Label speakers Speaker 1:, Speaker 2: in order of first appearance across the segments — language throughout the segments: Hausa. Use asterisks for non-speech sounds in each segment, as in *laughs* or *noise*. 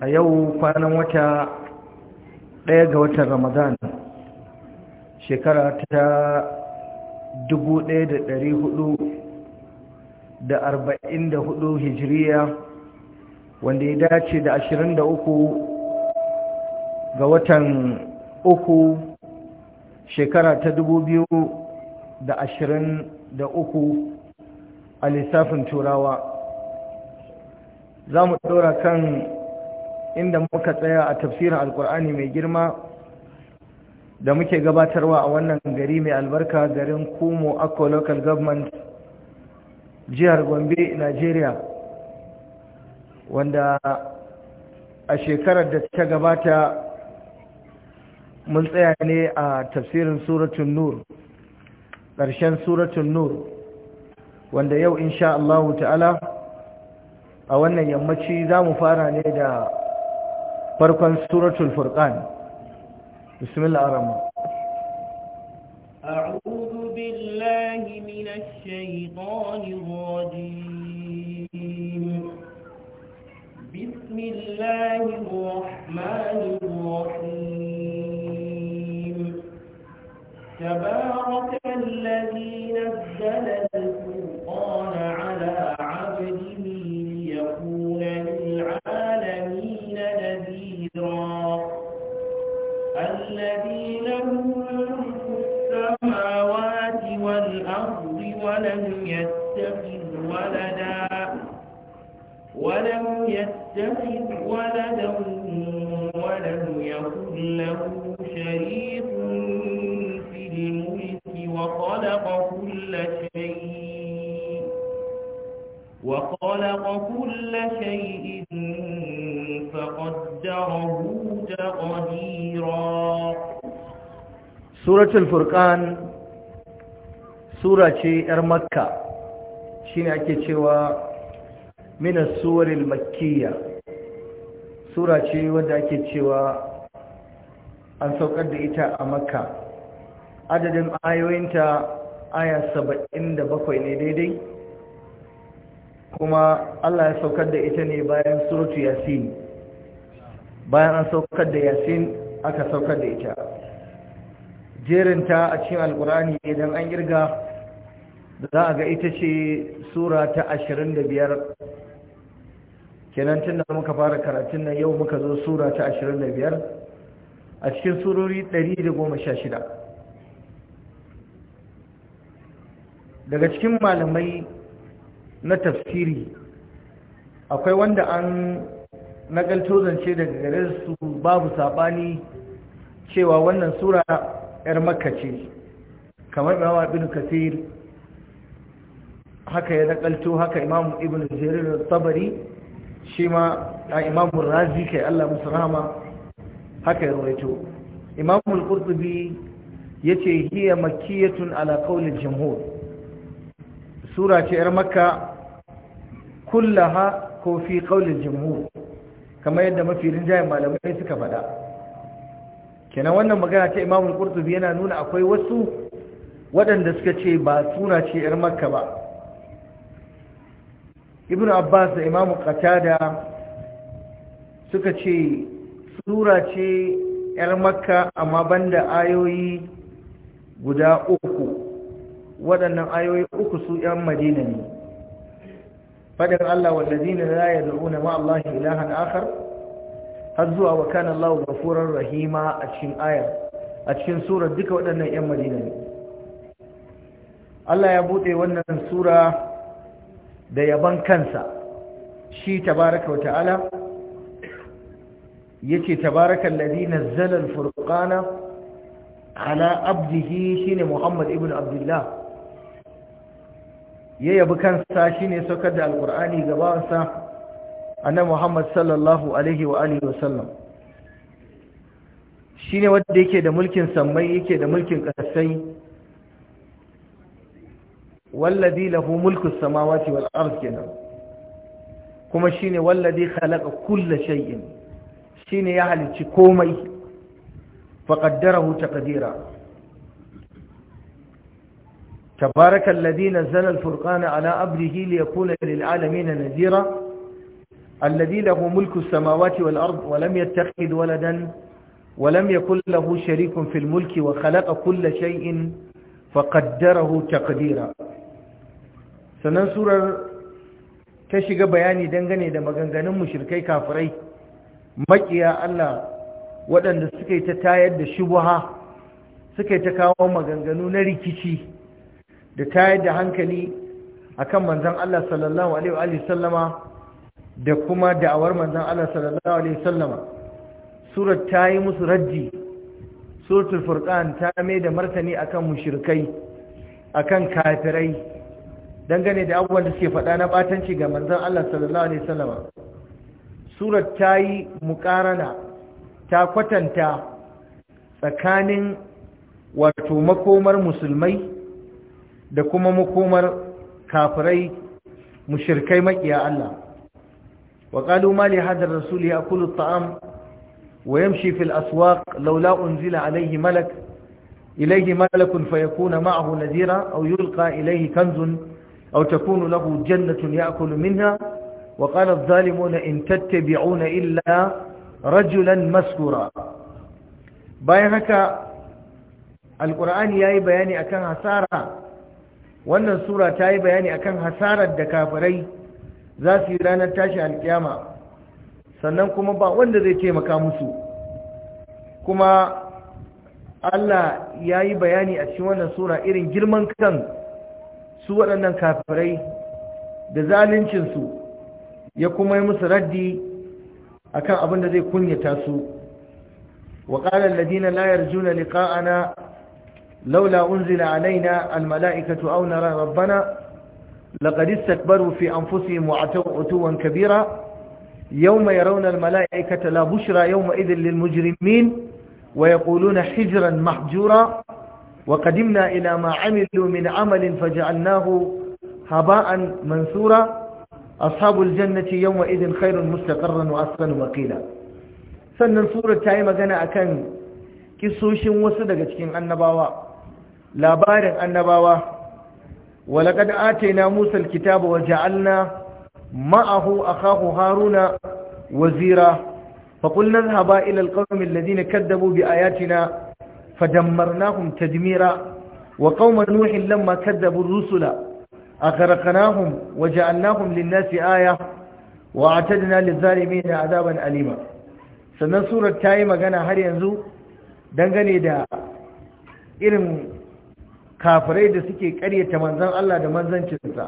Speaker 1: a yau kwanan wata ɗaya ga watan ramadan shekara ta 1444 hijiriya wanda ya dace da 23 ga watan uku shekara ta da uku a lissafin turawa za mu ɗora kan inda muka tsaya a tafsirin alkur'ani mai girma da muke gabatarwa a wannan gari mai albarka garin kumo akko local government jihar gombe nigeria wanda a shekarar da ta gabata mun tsaya ne a tafsirin suratun nur ƙarshen suratun nur wanda yau insha ta'ala a wannan yammaci za mu fara ne da farkon suratul furqan bismillah ar-rahman a'udhu billahi
Speaker 2: minash shaitanir rajim bismillahir rahmanir rahim tabaraka الذي نزل ولم يتخذ ولدا ولم يتخذ ولدا ولم يكن له شريك في الملك وخلق كل شيء وخلق كل
Speaker 1: شيء فقدره تقديرا سورة الفرقان sura ce yar makka shi ne ake cewa minas suwaril makiyya sura ce wanda ake cewa an saukar da ita a makka adadin ayoyinta aya saba'in da bakwai ne daidai kuma allah ya saukar da ita ne bayan suratu yasin bayan an saukar da yasin aka saukar da ita jerinta a cikin alkurani idan an girga za a ga ita ce sura ta ashirin da biyar kenan tun da muka fara karatun nan yau muka zo sura ta ashirin da biyar a cikin surori ɗari da goma sha shida daga cikin malamai na tafsiri akwai wanda an nagalto zance daga gare su babu saɓani cewa wannan sura 'yar makka ce kamar mawa kasir haka ya nakalto haka imam ibn jarir tabari shi ma a imam razi kai Allah musu rahama haka ya rawaito imam al-qurtubi yace hiya makkiyatun ala qawli al-jumhur sura ce yar makka kullaha ko fi qawli al-jumhur kamar yadda mafi rinjayen malamai suka faɗa kenan wannan magana ta imam al-qurtubi yana nuna akwai wasu waɗanda suka ce ba suna ce yar makka ba ibn abbas da imamu qatada suka ce sura ce yar makka amma banda ayoyi guda uku waɗannan ayoyi uku su yan madina ne faɗin Allah wallazina la yad'una ma Allah ilahan akhar har zuwa wa kana Allah ghafurur rahima a cikin aya a cikin surar duka waɗannan yan madina ne Allah ya buɗe wannan sura da yaban kansa shi tabaraka wa ta'ala yace tabaraka allazi nazzala al-furqana ala abdihi shine muhammad ibn abdullah ya yabi kansa shine saukar da alqur'ani gabansa annabi muhammad sallallahu alaihi wa alihi wa sallam shine wanda yake da mulkin samai yake da mulkin kasai والذي له ملك السماوات والأرض كنا كما شيني والذي خلق كل شيء شيني يعني تشكومي فقدره تقديرا تبارك الذي نزل الفرقان على أبره ليكون للعالمين نذيرا الذي له ملك السماوات والأرض ولم يتخذ ولدا ولم يكن له شريك في الملك وخلق كل شيء faƙaddarahu taqdira sannan surar ta shiga bayani dangane da maganganun mushrikai kafirai maƙiya Allah waɗanda suka yi ta tayar da shubuha suka yi ta kawo maganganu na rikici da tayar da hankali akan manzan Allah sallallahu alaihi wa sallama da kuma da'awar manzan Allah sallallahu alaihi wa sallama surar ta yi musu raddi suratul furqan ta mai da martani akan mushrikai akan kafirai dangane da abubuwan da suke faɗa na batanci ga manzon Allah sallallahu alaihi wasallam surat ta yi muƙarana ta kwatanta tsakanin wato makomar musulmai da kuma makomar kafirai mushirkai makiya Allah wa qalu ma li hadar rasul ya'kulu ta'am ويمشي في الأسواق لو لا أنزل عليه ملك إليه ملك فيكون معه نذيرا أو يلقى إليه كنز أو تكون له جنة يأكل منها وقال الظالمون إن تتبعون إلا رجلا مسكورا bayan القرآن alkur'ani بياني أكان هسارا وأن السورة تاي بياني أكان هسارا الدكافري ذا hasarar da القيامة sannan kuma ba wanda zai taimaka musu kuma Allah ya yi bayani a cikin wannan sura irin girman kan su waɗannan kafirai da zaluncinsu ya kuma yi musu raddi akan abin da zai kunyata su wa ladina layar juna yarjuna liqa'ana laula unzila alaina almala'ikatu aw nara rabbana laqad istakbaru fi anfusihim wa ataw utuwan kabira يوم يرون الملائكة لا بشرى يومئذ للمجرمين ويقولون حجرا محجورا وقدمنا إلى ما عملوا من عمل فجعلناه هباء منثورا أصحاب الجنة يومئذ خير مستقرا وأسفن وقيلا sannan surar ta yi magana akan kisoshin wasu daga cikin annabawa labarin annabawa walaqad atayna musa alkitaba wa ja'alna معه أخاه هارون وزيرا فقلنا اذهبا إلى القوم الذين كذبوا بآياتنا فدمرناهم تدميرا وقوم نوح لما كذبوا الرسل أغرقناهم وجعلناهم للناس آية وأعتدنا للظالمين عذابا أليما sannan surar ta yi magana har yanzu dangane da irin kafirai da suke karyata manzan Allah da manzancinsa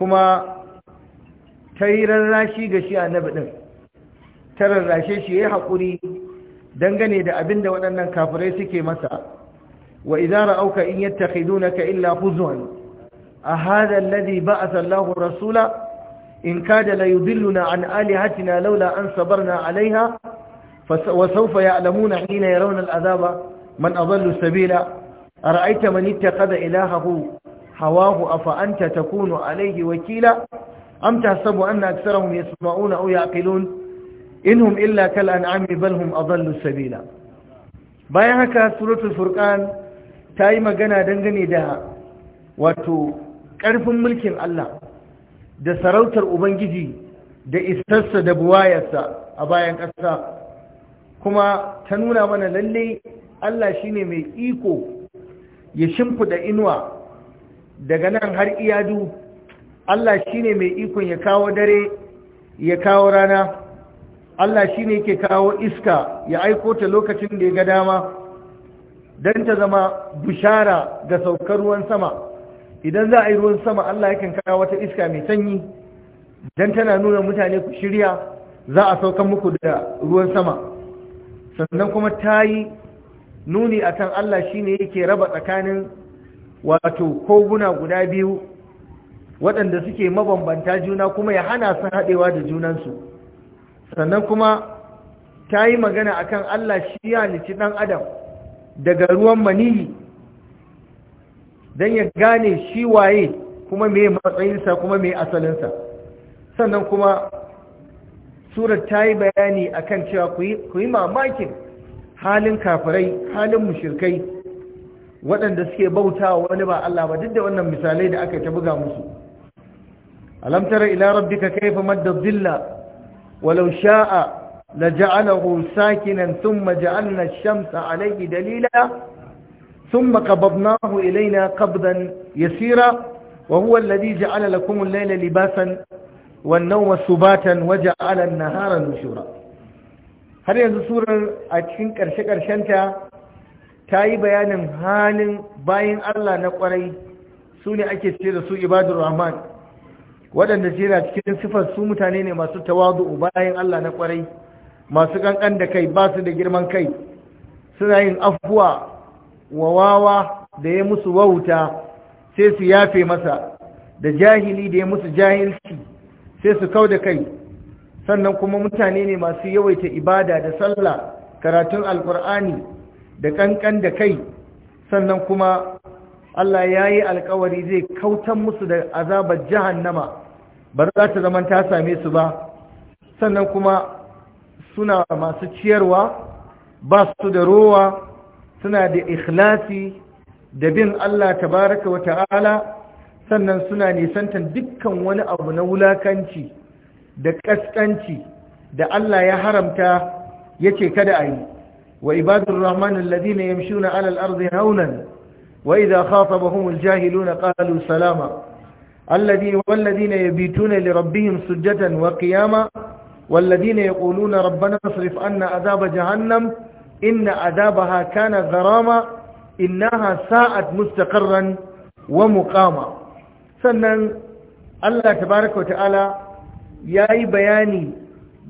Speaker 1: kuma ta yi rarrashi ga shi annabi ɗin ta rarrashe shi ya haƙuri dangane da abin da waɗannan kafirai suke masa wa idara auka in yattakhidunaka illa huzwan a hada ba a Sallahu rasula in kada la yudilluna an alihatina laula an sabarna alaiha wa sawfa ya'lamuna hina raunar azaba man adallu sabila ara'aita man ittakhadha ilahahu hawahu fa'anta ta takunu alayhi wakila أم تحسب أن أكثرهم يسمعون أو يعقلون إنهم إلا كالأنعام بل هم أضل سبيلا bayan haka suratul furqan ta yi magana dangane da wato ƙarfin mulkin Allah da sarautar ubangiji da isarsa da buwayarsa a bayan ƙasa kuma ta nuna mana lalle Allah shine mai iko ya shimfida inuwa daga nan har iyadu Allah shi ne mai ikon ya kawo dare ya kawo rana Allah shi ne yake kawo iska ya aiko ta lokacin da ya ga dama don ta zama bushara ga saukar ruwan sama idan za a yi ruwan sama Allah ya kawo wata iska mai sanyi don tana nuna mutane ku shirya za a saukan muku da ruwan sama sannan kuma ta yi nuni a kan Allah shi ne yake raba tsakanin wato koguna guda biyu waɗanda suke mabambanta juna kuma ya hana su haɗewa da junansu sannan kuma ta yi magana akan Allah shi ya halici ɗan adam daga ruwan maniyi don ya gane shi waye kuma mai matsayinsa kuma mai asalinsa sannan kuma surat ta yi bayani akan cewa ku yi mamakin halin kafirai halin mushirkai waɗanda suke bauta wani ba Allah ba duk da wannan misalai da aka ta buga musu alam tara ila rabbika kayfa madda dhilla walau sha'a لجعله ساكنا ثم جعلنا الشمس عليه دليلا ثم قبضناه إلينا قبضا يسيرا وهو الذي جعل لكم الليل لباسا والنوم سباتا وجعل النهار نشورا har yanzu surar a cikin ƙarshe-ƙarshenta ta yi bayanin halin bayan Allah na ƙwarai su ne ake ce da su ibadur rahman waɗanda jera cikin sifar su mutane ne masu tawazu bayan Allah na kwarai masu kankan da kai ba su da girman kai suna yin afuwa wa wawa da ya musu wauta sai su yafe masa da jahili da ya musu jahilci sai su kau da kai sannan kuma mutane ne masu yawaita ibada da sallah karatun alkur'ani da kankan da kai sannan kuma Allah ya yi alkawari zai kautan musu da azabar jahannama ba za ta zama ta same su ba sannan kuma suna masu ciyarwa ba su da rowa suna da ikhlasi da bin Allah tabaraka wa ta'ala sannan suna nisantan dukkan wani abu na wulakanci da kaskanci da Allah ya haramta yace kada a yi wa ibadur rahman alladhina yamshuna 'ala al-ardi hawnan wa idha khatabahum al-jahiluna qalu salama na والذين يبيتون لربهم سجدا وقياما والذين يقولون ربنا اصرف عنا عذاب جهنم إن عذابها كان غراما إنها ساءت مستقرا ومقاما sannan Allah tabaraka wa ta'ala yayi bayani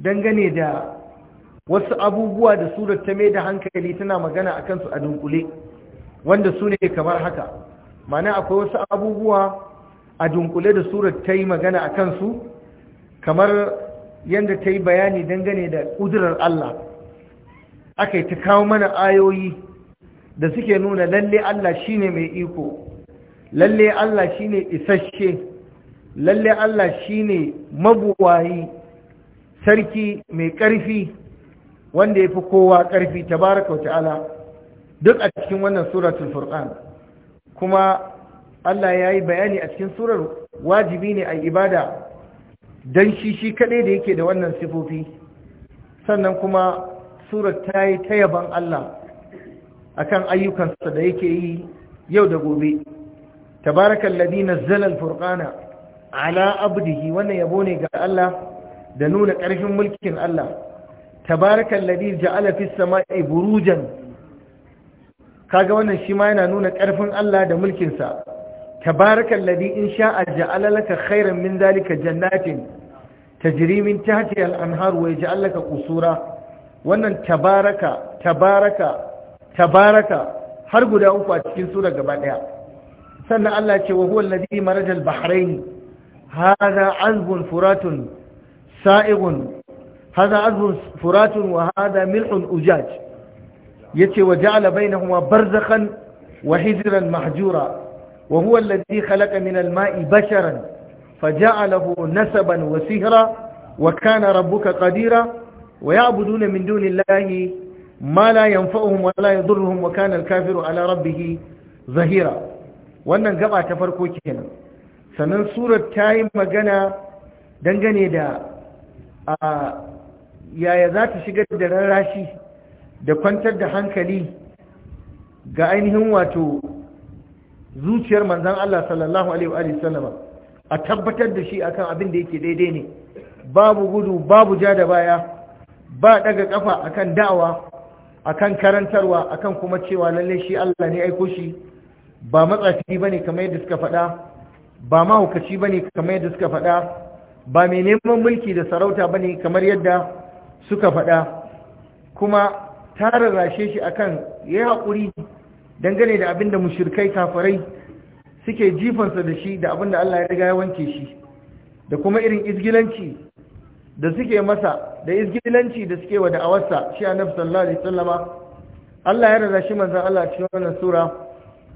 Speaker 1: dangane da wasu abubuwa da surar ta mai da hankali tana magana a kansu a dunkule wanda su ne kamar haka ma'ana akwai wasu abubuwa a dunkule da surar ta yi magana a kansu kamar yadda ta yi bayani dangane da ƙudurar Allah aka yi ta kawo mana ayoyi da suke nuna lalle Allah shi ne mai iko lalle Allah shi ne isasshe lalle Allah shi ne mabuwayi sarki mai ƙarfi wanda ya fi kowa ƙarfi ta tabaraka wata'ala duk a cikin wannan suratul furkan kuma Allah ya yi bayani a cikin surar wajibi ne a ibada don shi shi kaɗai da yake da wannan sifofi sannan kuma surar ta yi ta yaban Allah kan ayyukansa da yake yi yau da gobe tabarakan ladina zalal furkana ala abdihi wannan yabo ne ga Allah da nuna ƙarfin mulkin Allah tabarakan Ladi ja'ala fis sama'i burujan kaga wannan shi ma yana nuna ƙarfin Allah da mulkinsa tabarakan Ladi in شاء ja'alalaka لك خيرا من tajirimin جنات تجري من تحتها الأنهار kusura wannan tabaraka tabaraka tabaraka har guda uku a cikin sura gaba daya sannan Allah ce wa huwa alladhi marajal bahrain hadha azbun furatun sa'igun hadha azbun furatun wa hadha milhun ujaj yace wa ja'ala bainahuma barzakhan wa hijran mahjura وهو الذي خلق من الماء بشرا فجعله نسبا وسهرا وكان ربك قديرا ويعبدون من دون الله ما لا ينفعهم ولا يضرهم وكان الكافر على ربه ظهيرا wannan gaba ta farko kenan sannan surar ta yi magana dangane da yaya za ta shigar da rarrashi da kwantar da hankali ga ainihin wato zuciyar manzan Allah sallallahu alaihi sallama a tabbatar da shi akan abin da yake daidai ne babu gudu babu ja da baya ba daga kafa akan da'awa akan karantarwa akan kuma cewa lallai shi Allah ne aiko shi ba matsafi bane kamar yadda suka faɗa ba mahaukaci bane kamar yadda suka faɗa ba mai neman mulki da sarauta bane kamar yadda suka faɗa kuma tara rashe shi akan yayi haƙuri dangane da abinda mushrikai kafirai suke jifansa da shi da abinda Allah ya riga ya wanke shi da kuma irin izgilanci da suke masa da izgilanci da suke wa da'awarsa shi annabi sallallahu alaihi wasallama Allah ya rada shi manzon Allah cikin wannan sura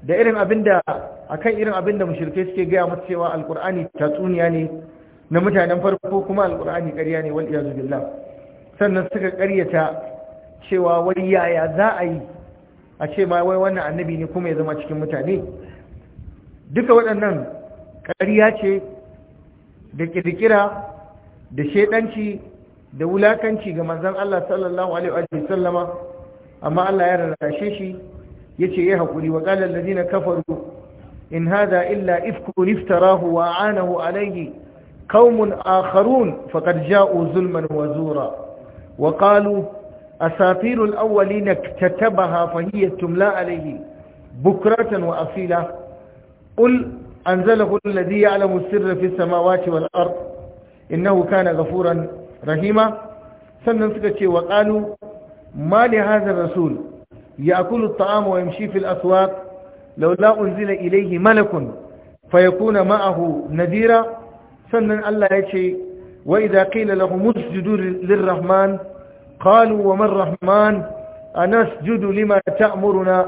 Speaker 1: da irin abinda akan irin abinda mushrikai suke gaya masa cewa alqur'ani tatsuniya ne na mutanen farko kuma alqur'ani karya ne wal iyazu billah sannan suka karyata cewa wai yaya za a yi a ce ma wai wannan annabi ne kuma ya zama cikin mutane duka waɗannan ƙariya ce da ƙirƙira da shaidanci da wulakanci ga manzan Allah sallallahu alaihi wa amma Allah ya rarrashe shi yace ya hakuri wa qala allazina kafaru in hadha illa ifku iftarahu wa anahu alayhi qaumun akharun faqad ja'u zulman wa zura wa qalu أساطير الأولين اكتتبها فهي تملى عليه بكرة وأصيلة قل أنزله الذي يعلم السر في السماوات والأرض إنه كان غفورا رحيما سننسكت وقالوا ما لهذا الرسول يأكل الطعام ويمشي في الأسواق لولا أنزل إليه ملك فيكون معه نذيرا سنن الله يتشي وإذا قيل له مسجد للرحمن قالوا وما الرحمن أنسجد لما تأمرنا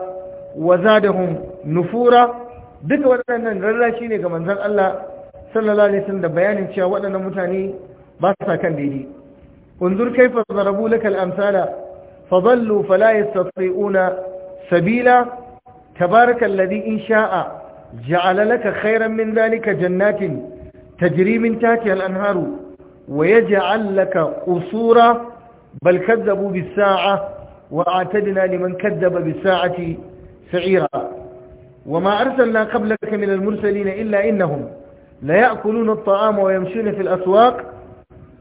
Speaker 1: وزادهم نفورا duka waɗannan shi ne ga manzan Allah sallallahu alaihi wasallam da bayanin cewa waɗannan mutane ba sa kan daidai unzur kaifa zarabu lakal amsala fadallu fala yastati'una sabila tabarakal ladhi in sha'a ja'ala laka khairan min dhalika jannatin tajri min tahtiha al-anharu wa yaj'al laka usura? بل كذبوا بالساعة وأعتدنا لمن كذب بالساعة سعيرا وما أرسلنا قبلك من المرسلين إلا إنهم ليأكلون الطعام ويمشون في الأسواق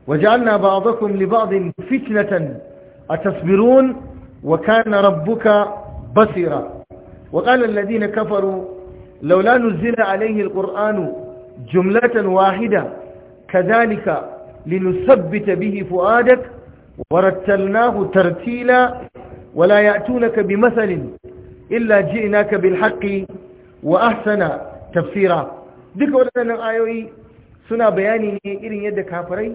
Speaker 1: وجعلنا بعضكم لبعض فتنة أتصبرون وكان ربك بصيرا وقال الذين كفروا لولا نزل عليه القرآن جملة واحدة كذلك لنثبت به فؤادك wala ورتلناه ترتيلا ولا يأتونك بمثل إلا جئناك wa وأحسن tafsira. duka waɗannan ayoyi suna bayani ne irin yadda kafirai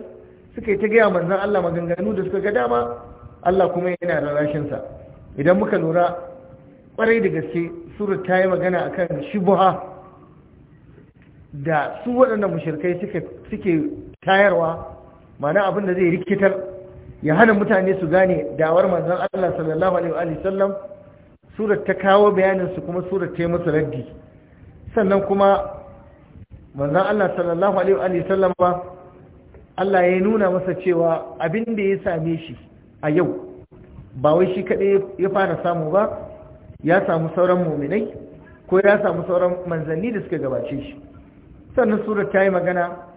Speaker 1: suka ta gaya manzan Allah maganganu da suka ga dama Allah kuma yana da rashinsa idan muka lura ƙwarai da gaske surat ta yi magana akan shubuha da su waɗannan mushirkai suke tayarwa mana abin da zai rikitar ya hana mutane su gane dawar manzon Allah sallallahu alaihi wa sallam surar ta kawo bayanin su kuma surar ta yi musu raddi sannan kuma manzon Allah sallallahu alaihi wa sallam ba Allah ya nuna masa cewa abin da ya same shi a yau ba wai shi kaɗai ya fara samu ba ya samu sauran muminai ko ya samu sauran manzanni da suka gabace shi sannan surar ta yi magana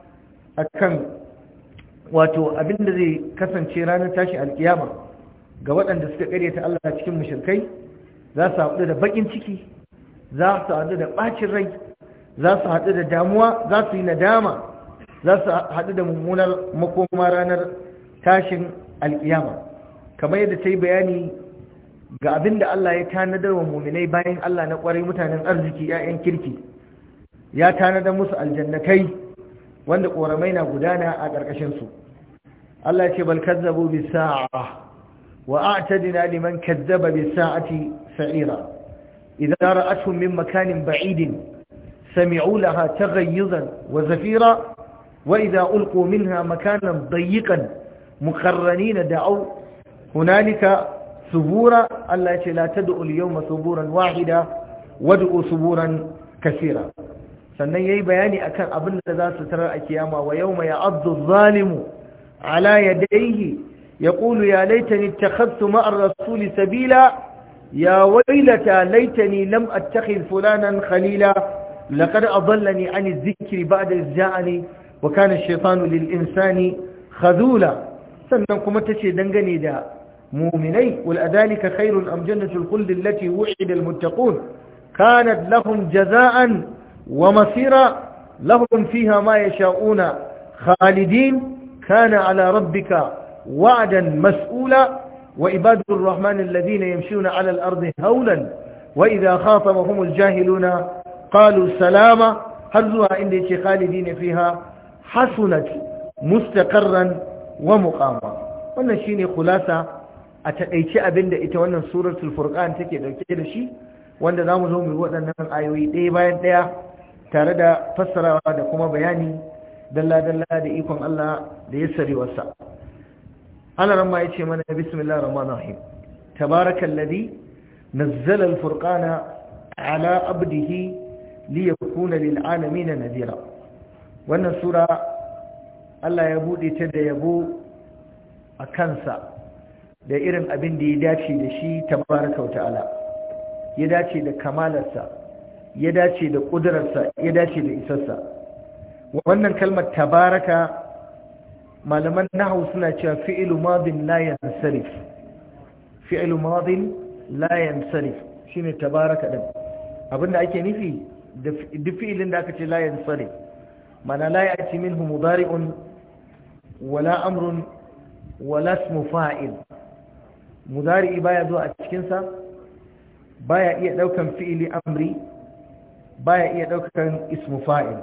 Speaker 1: akan wato abin da zai kasance ranar tashi alkiyama ga waɗanda suka karyata Allah cikin mushirkai za su haɗu da bakin ciki za su haɗu da ɓacin rai za su haɗu da damuwa za su yi nadama za su haɗu da mummunar makoma ranar tashin alkiyama kamar yadda ta yi bayani ga abin da Allah ya tanadar wa muminai bayan Allah na ƙwarai mutanen arziki 'ya'yan kirki ya tanadar musu aljannakai wanda ƙoramai na gudana a ƙarƙashinsu Allah ce bal kazzabu bi sa'a wa a'tadna liman kazzaba bi sa'ati sa'ira idan ra'atuhum min makanin ba'idin sami'u laha taghayyuzan wa zafira wa idza ulqu minha makanan dayyiqan muqarranina da'u hunalika subura Allah ce la tad'u al-yawma suburan wahida wad'u suburan kaseera sannan yayi bayani akan abin da za su tarar a kiyama wa yau yawma Abdul zalimu ala ya yaqulu ya laitani ittakhadtu ma'a ma'ar rasuli sabila ya waylata laitani lam attakhidh fulanan khalila laqad adallani 'ani zikiri ba da idh ja'ani wa kana shefanu shaytanu lil-insani sannan kuma tace dangane da mu'minai wal adalika khairun am jannatul khuld allati wu'ida kanat lahum jaza'an? wa masira lahum fiha ma yasha'una khalidin kana ala rabbika wa'dan mas'ula wa ibadur rahman alladhina yamshuna ala al-ardi hawlan wa idha khatabahum al-jahiluna qalu salama har zuwa inda yace khalidina fiha hasunat mustaqarran wa muqama wannan shine khulasa a taƙaice abinda ita wannan suratul furqan take dauke da shi wanda zamu zo mu waɗannan ayoyi ɗaya bayan ɗaya tare da fassarawa da kuma bayani dalla-dalla da ikon Allah da ya sarewarsa ana ramma ya ce mana bismillah rahman rahim tabarakan ladi nazzalar furkana ala abdihi liya kuna lil'anami na nadira wannan sura Allah ya buɗe ta da yabo a kansa da irin abin da ya dace da shi tabaraka ta'ala ya dace da kamalarsa ya dace da ƙudurarsa ya dace da isarsa wannan kalmar tabaraka malaman nahu suna cewa fi'ilu madin la yansarif fi'ilu madin la yansarif shine tabaraka din abinda ake nufi da fi'ilin da aka ce la yansarif mana la ya'ti minhu mudari'un wala amrun wala ismu fa'il mudari'i baya zuwa a cikin sa baya iya daukan fi'ili amri baya iya ɗaukakan ismu fa'il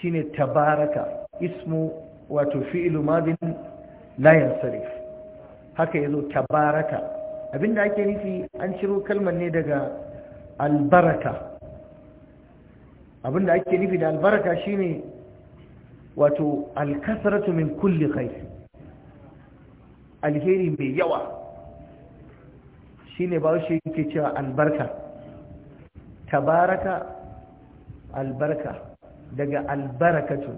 Speaker 1: shine tabaraka ismu wato fi'ilu madin la yansarif haka yazo tabaraka abinda ake nufi an ciro kalmar ne daga albaraka abinda ake nufi da albaraka shine wato alkasratu min kulli khair alheri mai yawa shine ba shi yake cewa albarka tabaraka albarka daga albarakatu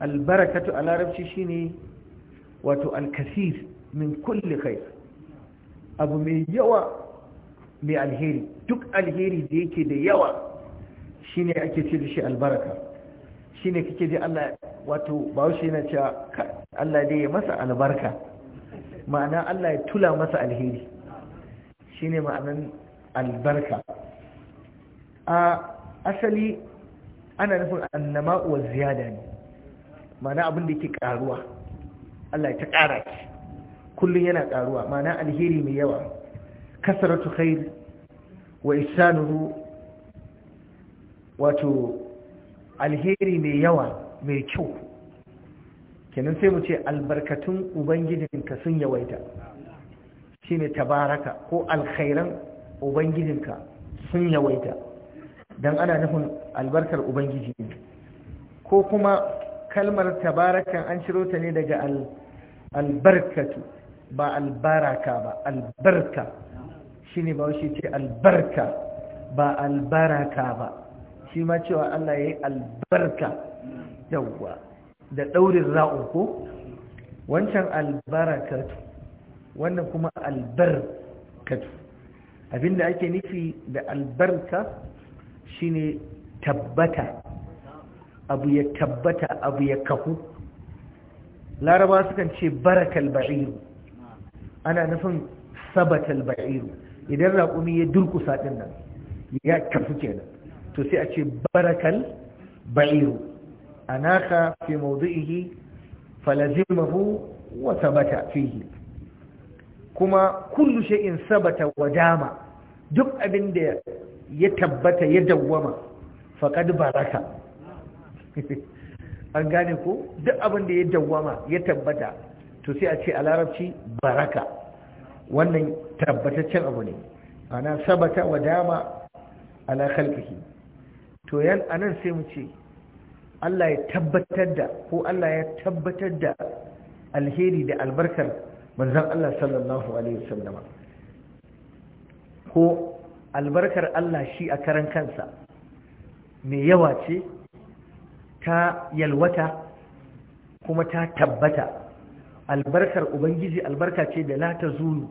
Speaker 1: albarakatu a larabci shine wato alkasir min kulle kai, abu mai yawa mai alheri duk alheri da yake da yawa ne ake ce da shi albaraka shine kake ji Allah wato bawashi na cewa Allah dai ya masa albarka ma'ana Allah ya tula masa alheri shine ma'anan albarka a asali ana nufin annama wa ziyada ne ma'ana abin da yake karuwa Allah ya ta kara shi kullum yana karuwa ma'ana alheri mai yawa kasaratu khair wa ihsanuhu wato alheri mai yawa mai kyau kenan sai mu ce albarkatun ubangijinka sun yawaita shine tabaraka ko alkhairan ubangijinka sun yawaita don ana nufin albarkar ubangiji ne ko kuma kalmar tabarakan an ciro ta ne daga albarkatu ba albaraka ba albarka shi ne ba shi ce albarka ba albaraka ba shi ma cewa Allah ya yi albarka yawwa da ɗaurin ra'un ko wancan albarakatu wannan kuma albarkatu abinda ake nufi da albarka shine tabbata abu ya tabbata abu ya kahu laraba sukan ce barakal ba'iru ana nufin sabatal ba'iru idan raƙumi ya durkusa ɗin nan ya kafu kenan to sai a ce barakal ba'iru anaka fi mawdu'ihi falazimahu wa sabata fihi kuma kullu shay'in sabata wa dama duk abin da ya tabbata ya dawwama faƙad baraka an gane ko duk abin da ya dawwama ya tabbata to sai a ce a larabci baraka wannan tabbataccen abu ne ana sabata wa dama ala khalqihi to yan anan sai mu ce Allah ya tabbatar da ko Allah ya tabbatar da alheri da albarkar manzon Allah sallallahu alaihi wasallama ko albarkar Allah shi a karan kansa mai yawa ce ta yalwata kuma ta tabbata albarkar ubangiji albarka ce da lata zulu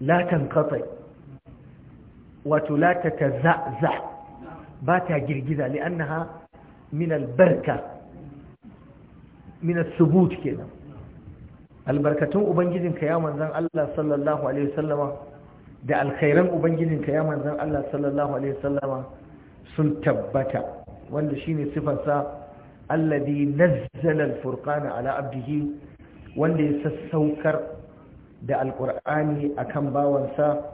Speaker 1: latan kafai wato lata ta za'za ba ta girgiza li'annaha min albarka min subut kenan albarkatun ubangijinka ya manzan Allah sallallahu alaihi wasallama da alkhairan ubanginin ya manzan Allah sallallahu alaihi wasallama sun tabbata wanda shine sifarsa alladhi nazzala alfurqana ala abdihi wanda ya sassaukar da alqur'ani akan bawansa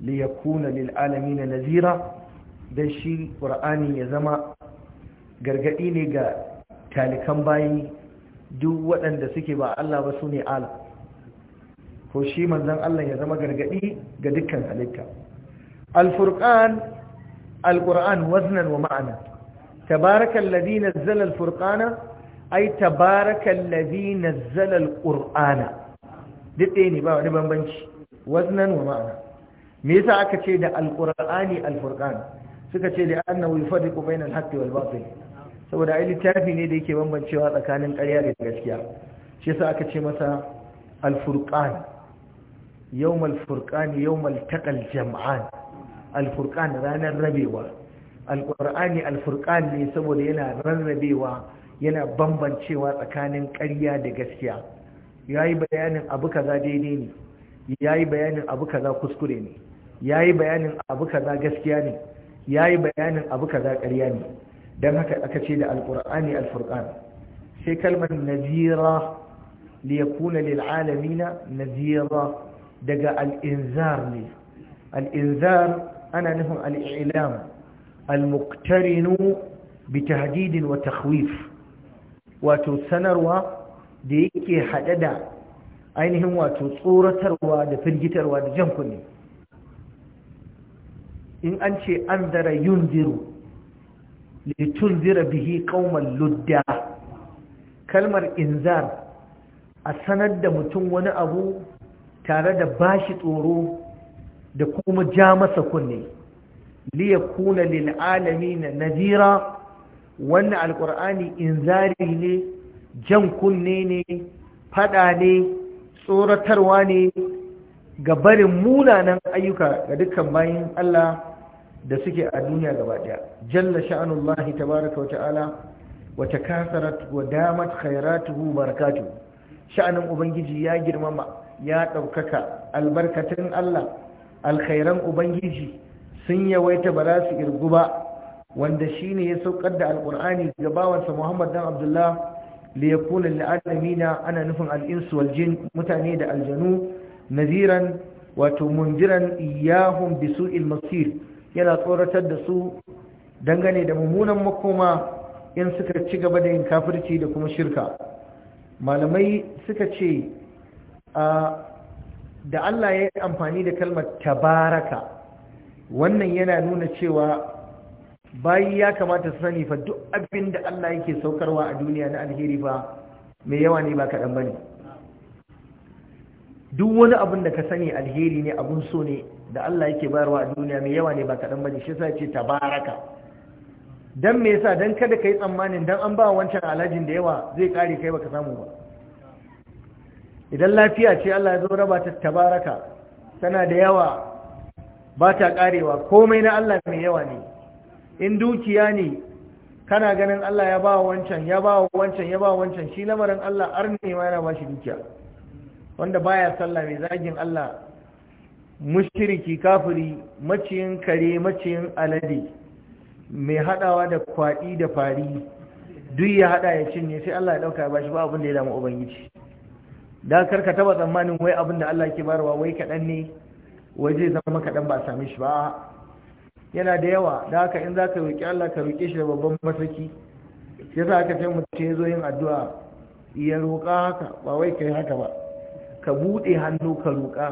Speaker 1: li yakuna lil alamin nazira dan shi qur'ani ya zama gargadi ne ga talikan bayi duk waɗanda suke ba Allah ba sune al ko shi manzon Allah ya zama gargadi ga dukkan halitta al-furqan al-qur'an waznan wa ma'ana tabarakal ladhi nazzala al-furqana ay tabarakal ladhi nazzala al-qur'ana ne ba wani bambanci waznan wa ma'ana me yasa aka ce da al-qur'ani al-furqan suka ce da annahu yufarriqu bainal haqqi wal batil saboda ai littafi ne da yake bambancewa tsakanin ƙarya da gaskiya shi yasa aka ce masa al-furqan يوم الفرقان يوم التقى الجمعان الفرقان رانا الربيوة القرآن الفرقان لسبب ينا ربيوة yana bambancewa tsakanin ƙarya da gaskiya ya yi bayanin abu kaza daidai ne ya yi bayanin abu kaza kuskure ne ya yi bayanin abu kaza gaskiya ne ya yi bayanin abu kaza ƙarya ne don haka aka ce da alƙur'ani alfurƙan sai kalmar nazira li yakuna lil nazira daga al'inzar ne al'inzar ana nufin al'ilam al-muktarinu bi tahdidin wa takhwif wato sanarwa da yake haɗe da ainihin wato tsoratarwa da firgitarwa da jan kunne in an ce an zara yunziru zira bihi qauman ludda kalmar inzar a sanar da mutum wani abu tare da bashi tsoro da kuma ja masa kunne liyakuna lil na nadira wannan alqur'ani inzari ne jan kunne ne fada ne tsoratarwa ne ga barin munanan ayyuka ga dukkan bayan Allah da suke a duniya gaba daya jalla sha'anullahi tabaaraka wa ta'ala wa takasarat wa damat khairatuhu barakatuhu sha'anin ubangiji ya girmama ya ɗaukaka albarkatun Allah alkhairan Ubangiji sun yawaita ba za su irgu ba wanda shi ne ya saukar da alkur'ani ga bawansa Muhammad dan Abdullah li yakuna lil alamina ana nufin al-insu wal jin mutane da aljanu naziran wato munjiran iyahum bi su'il masir yana tsoratar da su dangane da mummunan makoma in suka ci gaba da yin kafirci da kuma shirka malamai suka ce Ah, da Allah ya yi amfani da kalmar tabaraka wannan yana nuna cewa bayi ya kamata su sani fa duk abin da Allah yake saukarwa a duniya na alheri fa mai yawa ne ba kaɗan ba ne duk wani abin da ka sani alheri ne abun so ne da Allah yake bayarwa a duniya mai yawa ne ba kaɗan ba ne shi sa ce tabaraka don me yasa don kada ka yi tsammanin don an ba wancan alhajin da yawa zai kare kai baka samu ba idan lafiya ce Allah ya zo raba ta tabaraka tana da yawa ba ta karewa komai na Allah mai yawa ne in dukiya ne kana ganin Allah ya ba wa wancan ya ba wa wancan ya ba wa wancan shi lamarin Allah arne ma yana ba shi dukiya wanda baya sallah mai zagin Allah mushriki kafiri maciyin kare maciyin alade mai hadawa da kwadi da fari duk ya hada ya cinye sai Allah ya dauka ya bashi ba abin da ya damu ubangiji da karka taba tsammanin wai abin da Allah ke barwa wai kaɗan ne wai zai zama kaɗan ba sami shi ba yana da yawa da haka in za ka roƙi Allah ka roƙe shi da babban masaki ya sa aka ce mutum ya zo yin addu'a ya roƙa haka ba wai ka yi haka ba ka buɗe hannu ka roƙa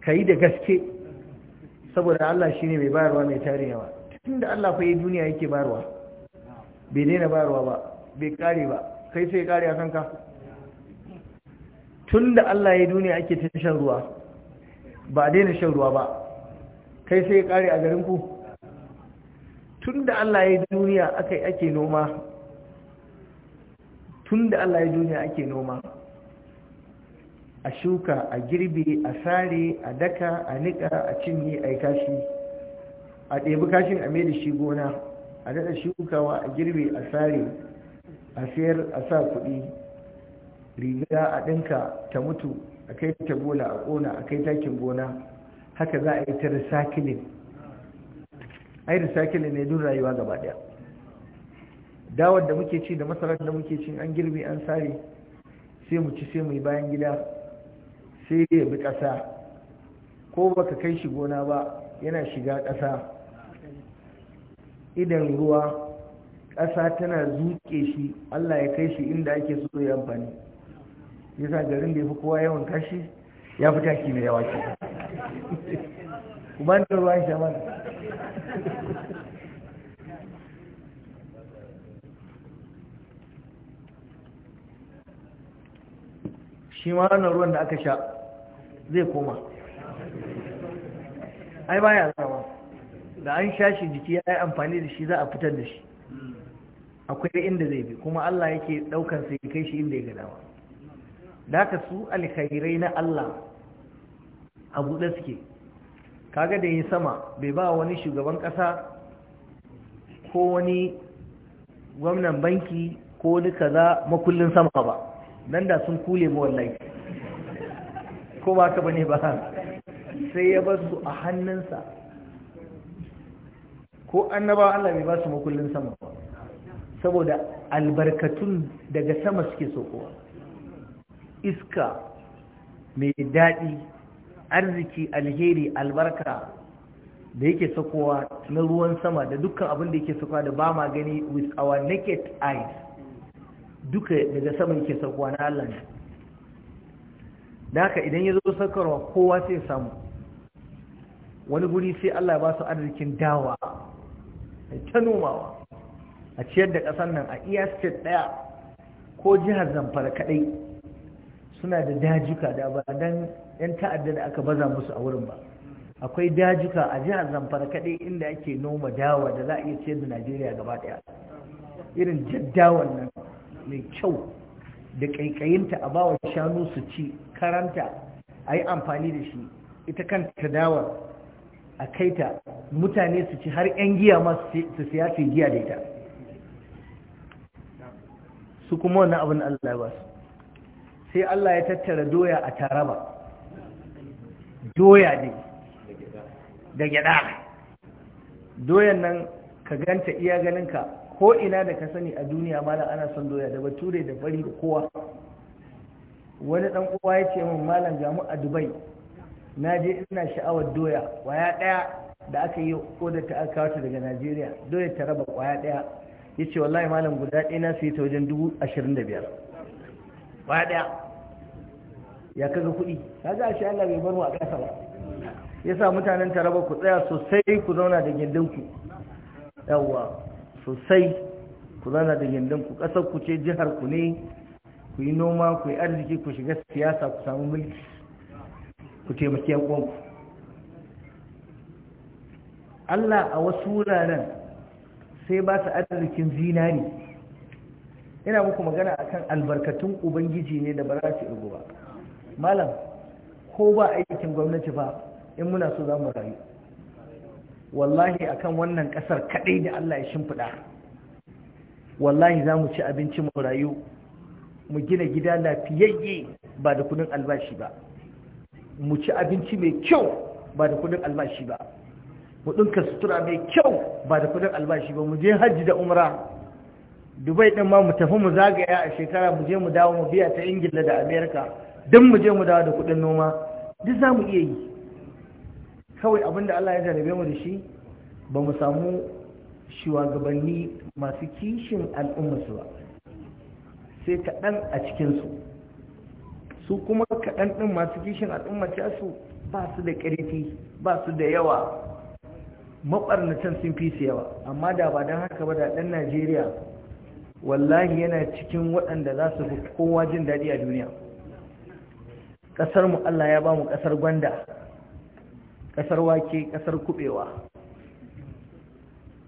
Speaker 1: ka yi da gaske saboda Allah shi ne mai bayarwa mai tarewa tun da Allah fa yi duniya yake bayarwa bai daina bayarwa ba bai kare ba kai sai kare a kanka tun da Allah ya duniya ake ta shan ruwa ba a daina shan ruwa ba kai sai ya kare a garinku. tun da Allah ya duniya aka ake noma tun da Allah ya duniya ake noma a shuka a girbe a sare a daka a niƙa a cinye a yi kashi a ɗebi kashin a da shi gona a daɗa shukawa a girbe a sare a sayar a sa kuɗi riga a ɗinka ta mutu a kai ta bola a ƙona a kai takin gona haka za a yi ta recycling ai recycling ne dun rayuwa gaba ɗaya dawar da muke ci da masarar da muke ci an girbi an sare sai mu ci sai mu yi bayan gida sai ya bi ƙasa ko baka kai shi gona ba yana shiga ƙasa idan ruwa ƙasa tana zuƙe shi allah ya kai shi inda ake so ya amfani yasa garin da ya fi kowa yawan kashi ya fi taki mai yawa ke kuma da ruwa sha mana shi ma wannan ruwan da aka sha zai koma ai baya zama da an sha shi jiki ya yi amfani da shi za a fitar da shi akwai inda zai bi kuma Allah yake daukan sai kai shi inda ya ga dama da su alkhairai na Allah a buɗe suke kaga da yin sama bai ba wani shugaban ƙasa ko wani gwamnan banki ko wani kaza makullin sama ba nan da sun kule mu wallahi ko ba ka bane ba sai ya bar a hannunsa ko annaba Allah bai ba su makullin sama ba saboda albarkatun daga sama suke sokowa iska mai daɗi arziki alheri albarka da yake sakowa na ruwan sama da dukkan abin da yake sakowa da ba ma gani with our naked eyes duka daga sama yake sakowa na Allah ne da haka idan ya zo sakarwa kowa sai samu wani guri sai Allah ba su arzikin dawa ta nomawa a ciyar da ƙasar nan a iya state ɗaya ko jihar zamfara kaɗai suna da dajuka da ba dan yan ta'adda da aka baza musu a wurin ba akwai dajuka a jihar zamfara kaɗai inda ake noma dawa da za a iya ciyar da najeriya gaba ɗaya irin jaddawan nan mai kyau da kaikayinta a bawa shanu su ci karanta a yi amfani da shi ita kanta dawar a kai ta mutane su ci har 'yan giya ma su siya su giya da ita su kuma wannan abin allah ya basu. sai Allah ya tattara doya a taraba doya ne da gyada doyan nan ka ganta iya ganinka ko ina da ka sani a duniya malam ana son doya da bature da bari da kowa wani dan uwa ya ce min malam gamu a dubai na je ina sha'awar doya kwaya daya da aka yi kodar ta aka kawo daga najeriya doya ta raba kwaya daya ya ce wallahi malam guda ɗaya na su yi ta wajen dubu ashirin da biyar ba daya ya kaga kuɗi kaga a shi Allah bai barwa a ƙasa ba yasa mutanen taraba ku tsaya sosai ku zauna da gindinku yawwa sosai ku zauna da gindinku ƙasar ku ce jihar ku ne ku yi noma ku yi arziki ku shiga siyasa ku samu mulki ku taimaki uwanku. Allah a wasu wuraren sai ba su arzikin zinari ina muku magana akan albarkatun ubangiji ne da ba za su irgu ba malam ko ba aikin gwamnati ba in muna so za mu rayu wallahi akan wannan kasar kadai da Allah ya shimfiɗa wallahi za mu ci abinci mu rayu mu gina gida lafiyayye ba da kudin albashi ba mu ci abinci mai kyau ba da kudin albashi ba mu ɗinka sutura mai kyau ba da kudin albashi ba mu je hajji da umra dubai ɗin ma mu tafi mu zagaya a shekara mu je mu dawo mu biya ta ingila da amerika don mu je mu dawo da kuɗin noma duk za mu iya yi kawai abinda allah ya jarabe mu da shi ba mu samu shugabanni masu kishin al'ummarsu ba sai kaɗan a cikinsu su kuma kaɗan ɗin masu kishin su, ba su da ƙarfi ba su da yawa maɓarnatan sun fi su yawa amma da ba don haka ba da ɗan najeriya wallahi yana cikin waɗanda za su fi kowa jin daɗi a duniya ƙasarmu Allah ya ba mu ƙasar gwanda ƙasar wake ƙasar kuɓewa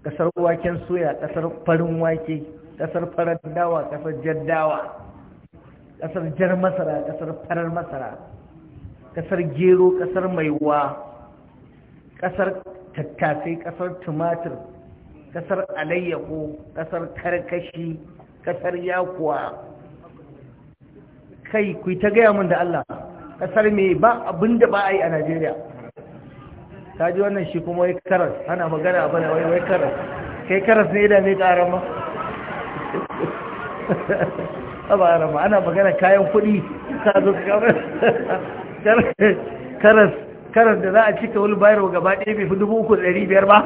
Speaker 1: ƙasar waken soya ƙasar farin wake ƙasar farar dawa ƙasar jaddawa ƙasar jar masara ƙasar farar masara ƙasar gero ƙasar maiwa ƙasar tattasai ƙasar tumatir kasar alayyako kasar karkashi kasar yakuwa kai ku ta gaya min da Allah kasar me ba abinda ba a yi a Najeriya ta ji wannan shi kuma wai karas ana magana abin wai wai karas kai karas ne da ne ƙaran ma *laughs* ba ma ana magana kayan kuɗi ka zo *laughs* karas karas da za a cika wani bayarwa gaba ɗaya bai fi dubu uku ɗari biyar ba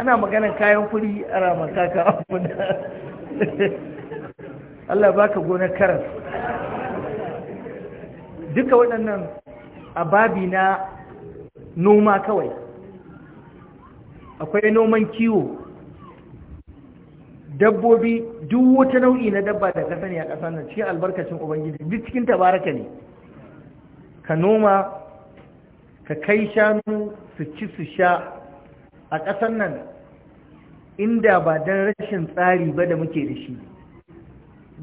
Speaker 1: ana maganar kayan kuri ana ka, abun Allah baka gonar karas duka waɗannan a babi na noma kawai akwai noman kiwo dabbobi duk wata nau'i na dabba da ka sani a ƙasar nan cikin albarkacin ubangiji duk cikin tabaraka ne ka noma ka kai shanu su ci su sha a ƙasar nan inda ba don rashin tsari ba da muke da shi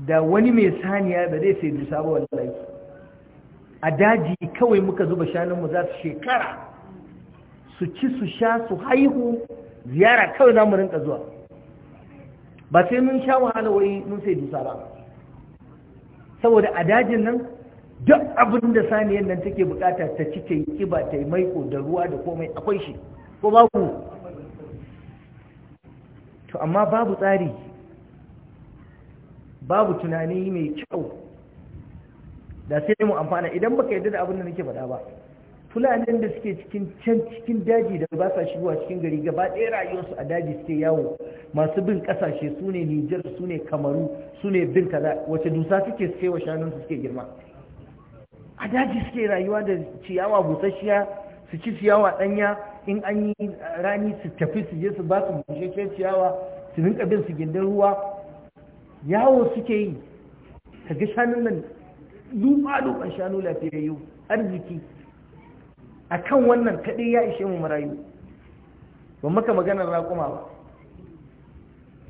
Speaker 1: da wani mai saniya da zai sai dusa ba wallahi a daji kawai muka zuba shanunmu za su shekara su ci su sha su haihu ziyara kawai za mu rinka zuwa ba sai mun sha wahala wai mun sai dusa ba saboda a dajin nan duk abin da saniyan nan take bukata ta cike yi kiba ta yi maiko da ruwa da komai akwai shi ko babu to amma babu tsari babu tunani mai kyau da sai mu amfana idan baka yadda da abin da nake faɗa ba fulanin da suke cikin can cikin daji da ba sa a cikin gari gaba ɗaya rayuwarsu a daji suke yawo masu bin ƙasashe su ne nijar su ne kamaru su ne bin kaza wace dusa suke suke wa shanunsu suke girma a daji suke rayuwa da ciyawa busasshiya su ci ciyawa ɗanya in an yi rani su tafi su je su ba su bushe ciyawa su rinka bin su gindin ruwa yawo suke yi ka ga shanun nan luma-luman shanu lafiyayyu arziki a kan wannan kaɗai ya ishe mu marayu ban maka maganar raƙuma ba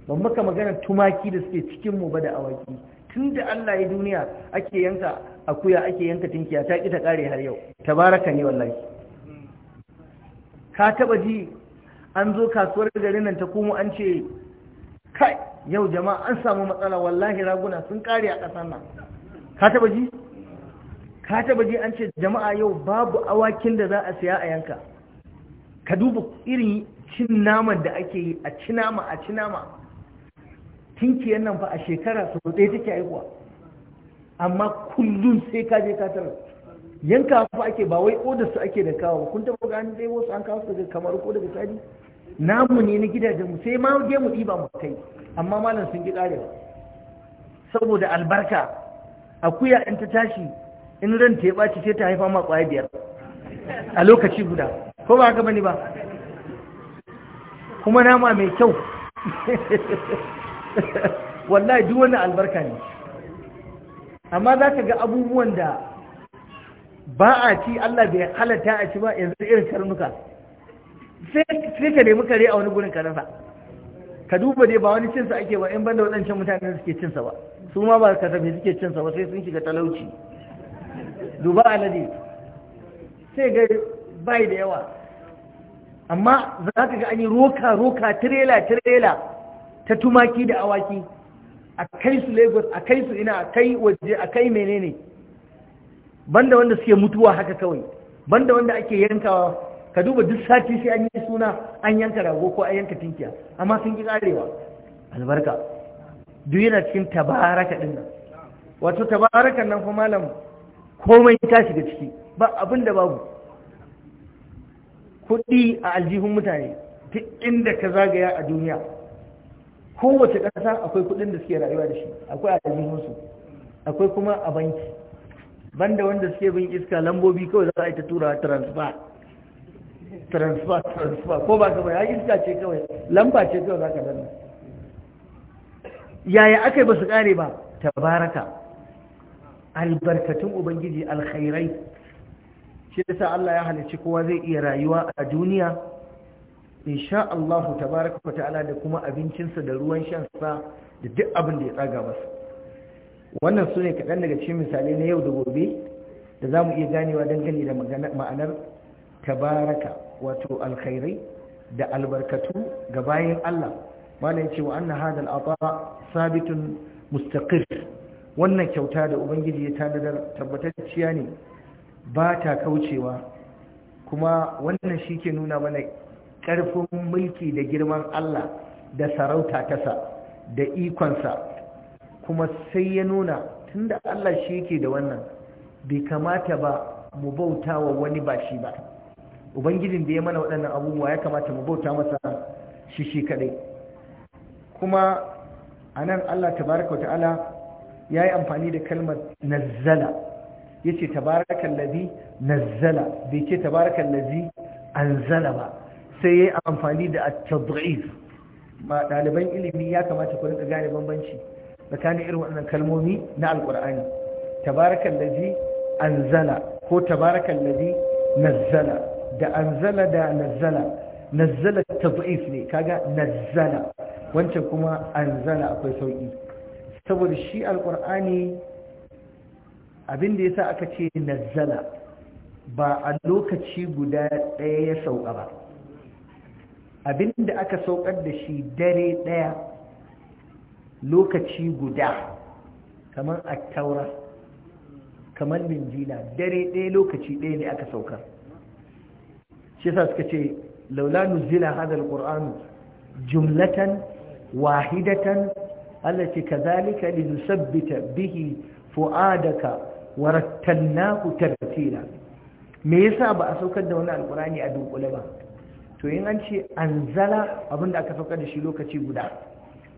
Speaker 1: ban maka maganar tumaki da suke cikin mu ba da awaki tun da Allah ya duniya ake yanka akuya ake yanka tinkiya ta ƙi ta ƙare har yau tabaraka ne wallahi ka taba ji an zo kasuwar garin nan ta komo an ce kai yau jama'a an samu matsala wallahi raguna sun kare a ƙasar nan ka taba ji ka taba ji an ce jama'a yau babu awakin da za a siya a yanka ka duba irin cin naman da ake yi a ci nama a ci nama tinkiyar nan fa a shekara su ɗaya take aikuwa amma kullum sai ka je ka tarar yanka fa ake ba wai odar su ake da kawo kun taba ga an dai wasu an kawo su daga kamar ko daga sadi namu ne na gidajen mu sai ma je mu diba mu kai amma malam sun ki karewa saboda albarka akuya in ta tashi in ran ta ya ɓaci sai ta haifa ma ƙwaya biyar a lokaci guda ko ba haka bane ba kuma nama mai kyau *laughs* wallahi duk wani albarka ne amma za ka ga abubuwan da ba a ci Allah bai halatta a ci ba yanzu irin karnuka sai ka nemi kare a wani gurin karnuka ka duba dai ba wani cinsa ake ba in banda waɗancan mutanen suke cinsa ba su ma ba ka tafi suke cinsa ba sai sun shiga talauci duba alade sai ga bai da yawa amma za ka ga an yi roka roka tirela tirela ta tumaki da awaki a kai su lagos a kai su ina a kai waje a kai menene banda wanda suke mutuwa haka kawai banda wanda ake yankawa ka duba duk sati sai an yi suna an yanka rago ko an yanka tinkiya amma sun ki karewa albarka duk yana cikin tabaraka din nan wato tabarakan nan fa malam komai ta shiga ciki ba abin da babu kuɗi a aljihun mutane duk inda ka zagaya a duniya kowace ƙasa akwai kuɗin da suke rayuwa da shi akwai aljihunsu akwai kuma a banki banda wanda suke bin iska lambobi kawai za a yi ta tura transfer transfer transfer ko ba kawai ya iska ce kawai lamba ce kawai za ka zanna yaya aka yi ba su kare ba tabaraka albarkatun ubangiji alkhairai shi sa Allah ya halicci kowa zai iya rayuwa a duniya insha Allah tabaraka wa ta'ala da kuma abincinsa da ruwan shansa da duk abin da ya tsaga masa wannan su ne kaɗan daga cikin misali na yau da gobe da za mu iya ganewa dangane da ma'anar tabaraka wato alkhairai da albarkatu ga bayan Allah malam cewa anna hada al'ata sabitun mustaƙir wannan kyauta da ubangiji ya tanadar tabbatacciya ne ba ta kaucewa kuma wannan shi ke nuna mana ƙarfin mulki da girman Allah da sarauta tasa da ikonsa kuma sai ya nuna tunda Allah shi yake da wannan bai kamata ba mu bauta wa wani ba shi ba ubangijin da ya mana waɗannan abubuwa ya kamata mu bauta masa shi shi kadai kuma nan Allah tabaraka wa ta'ala ya yi amfani da kalmar nazzala ya ce tabarakan lazi nazzala bai ce tabarakan lazi an zala ba sai ya yi amfani da a ma ɗaliban ilimi ya kamata ku rika gane bambanci tsakanin irin waɗannan kalmomi na alƙur'ani tabarakan lazi anzala ko tabarakan lazi nazzala da anzala da nazzala nazzala tad'if ne kaga nazzala wancan kuma anzala akwai sauƙi. saboda shi alƙur'ani abin da yasa aka ce nazzala ba a lokaci guda ɗaya ya sauka ba abin da aka saukar da shi dare ɗaya lokaci guda kamar attaura kamar linjila dare ɗaya lokaci ɗaya ne aka saukar shi yasa suka ce laula nuzila hada alquran jumlatan wahidatan allati kadhalika linusabbita bihi fu'adaka warattalnahu tartila me yasa ba a saukar da wani alqurani a dunkule ba to in an ce anzala abinda aka saukar da shi lokaci guda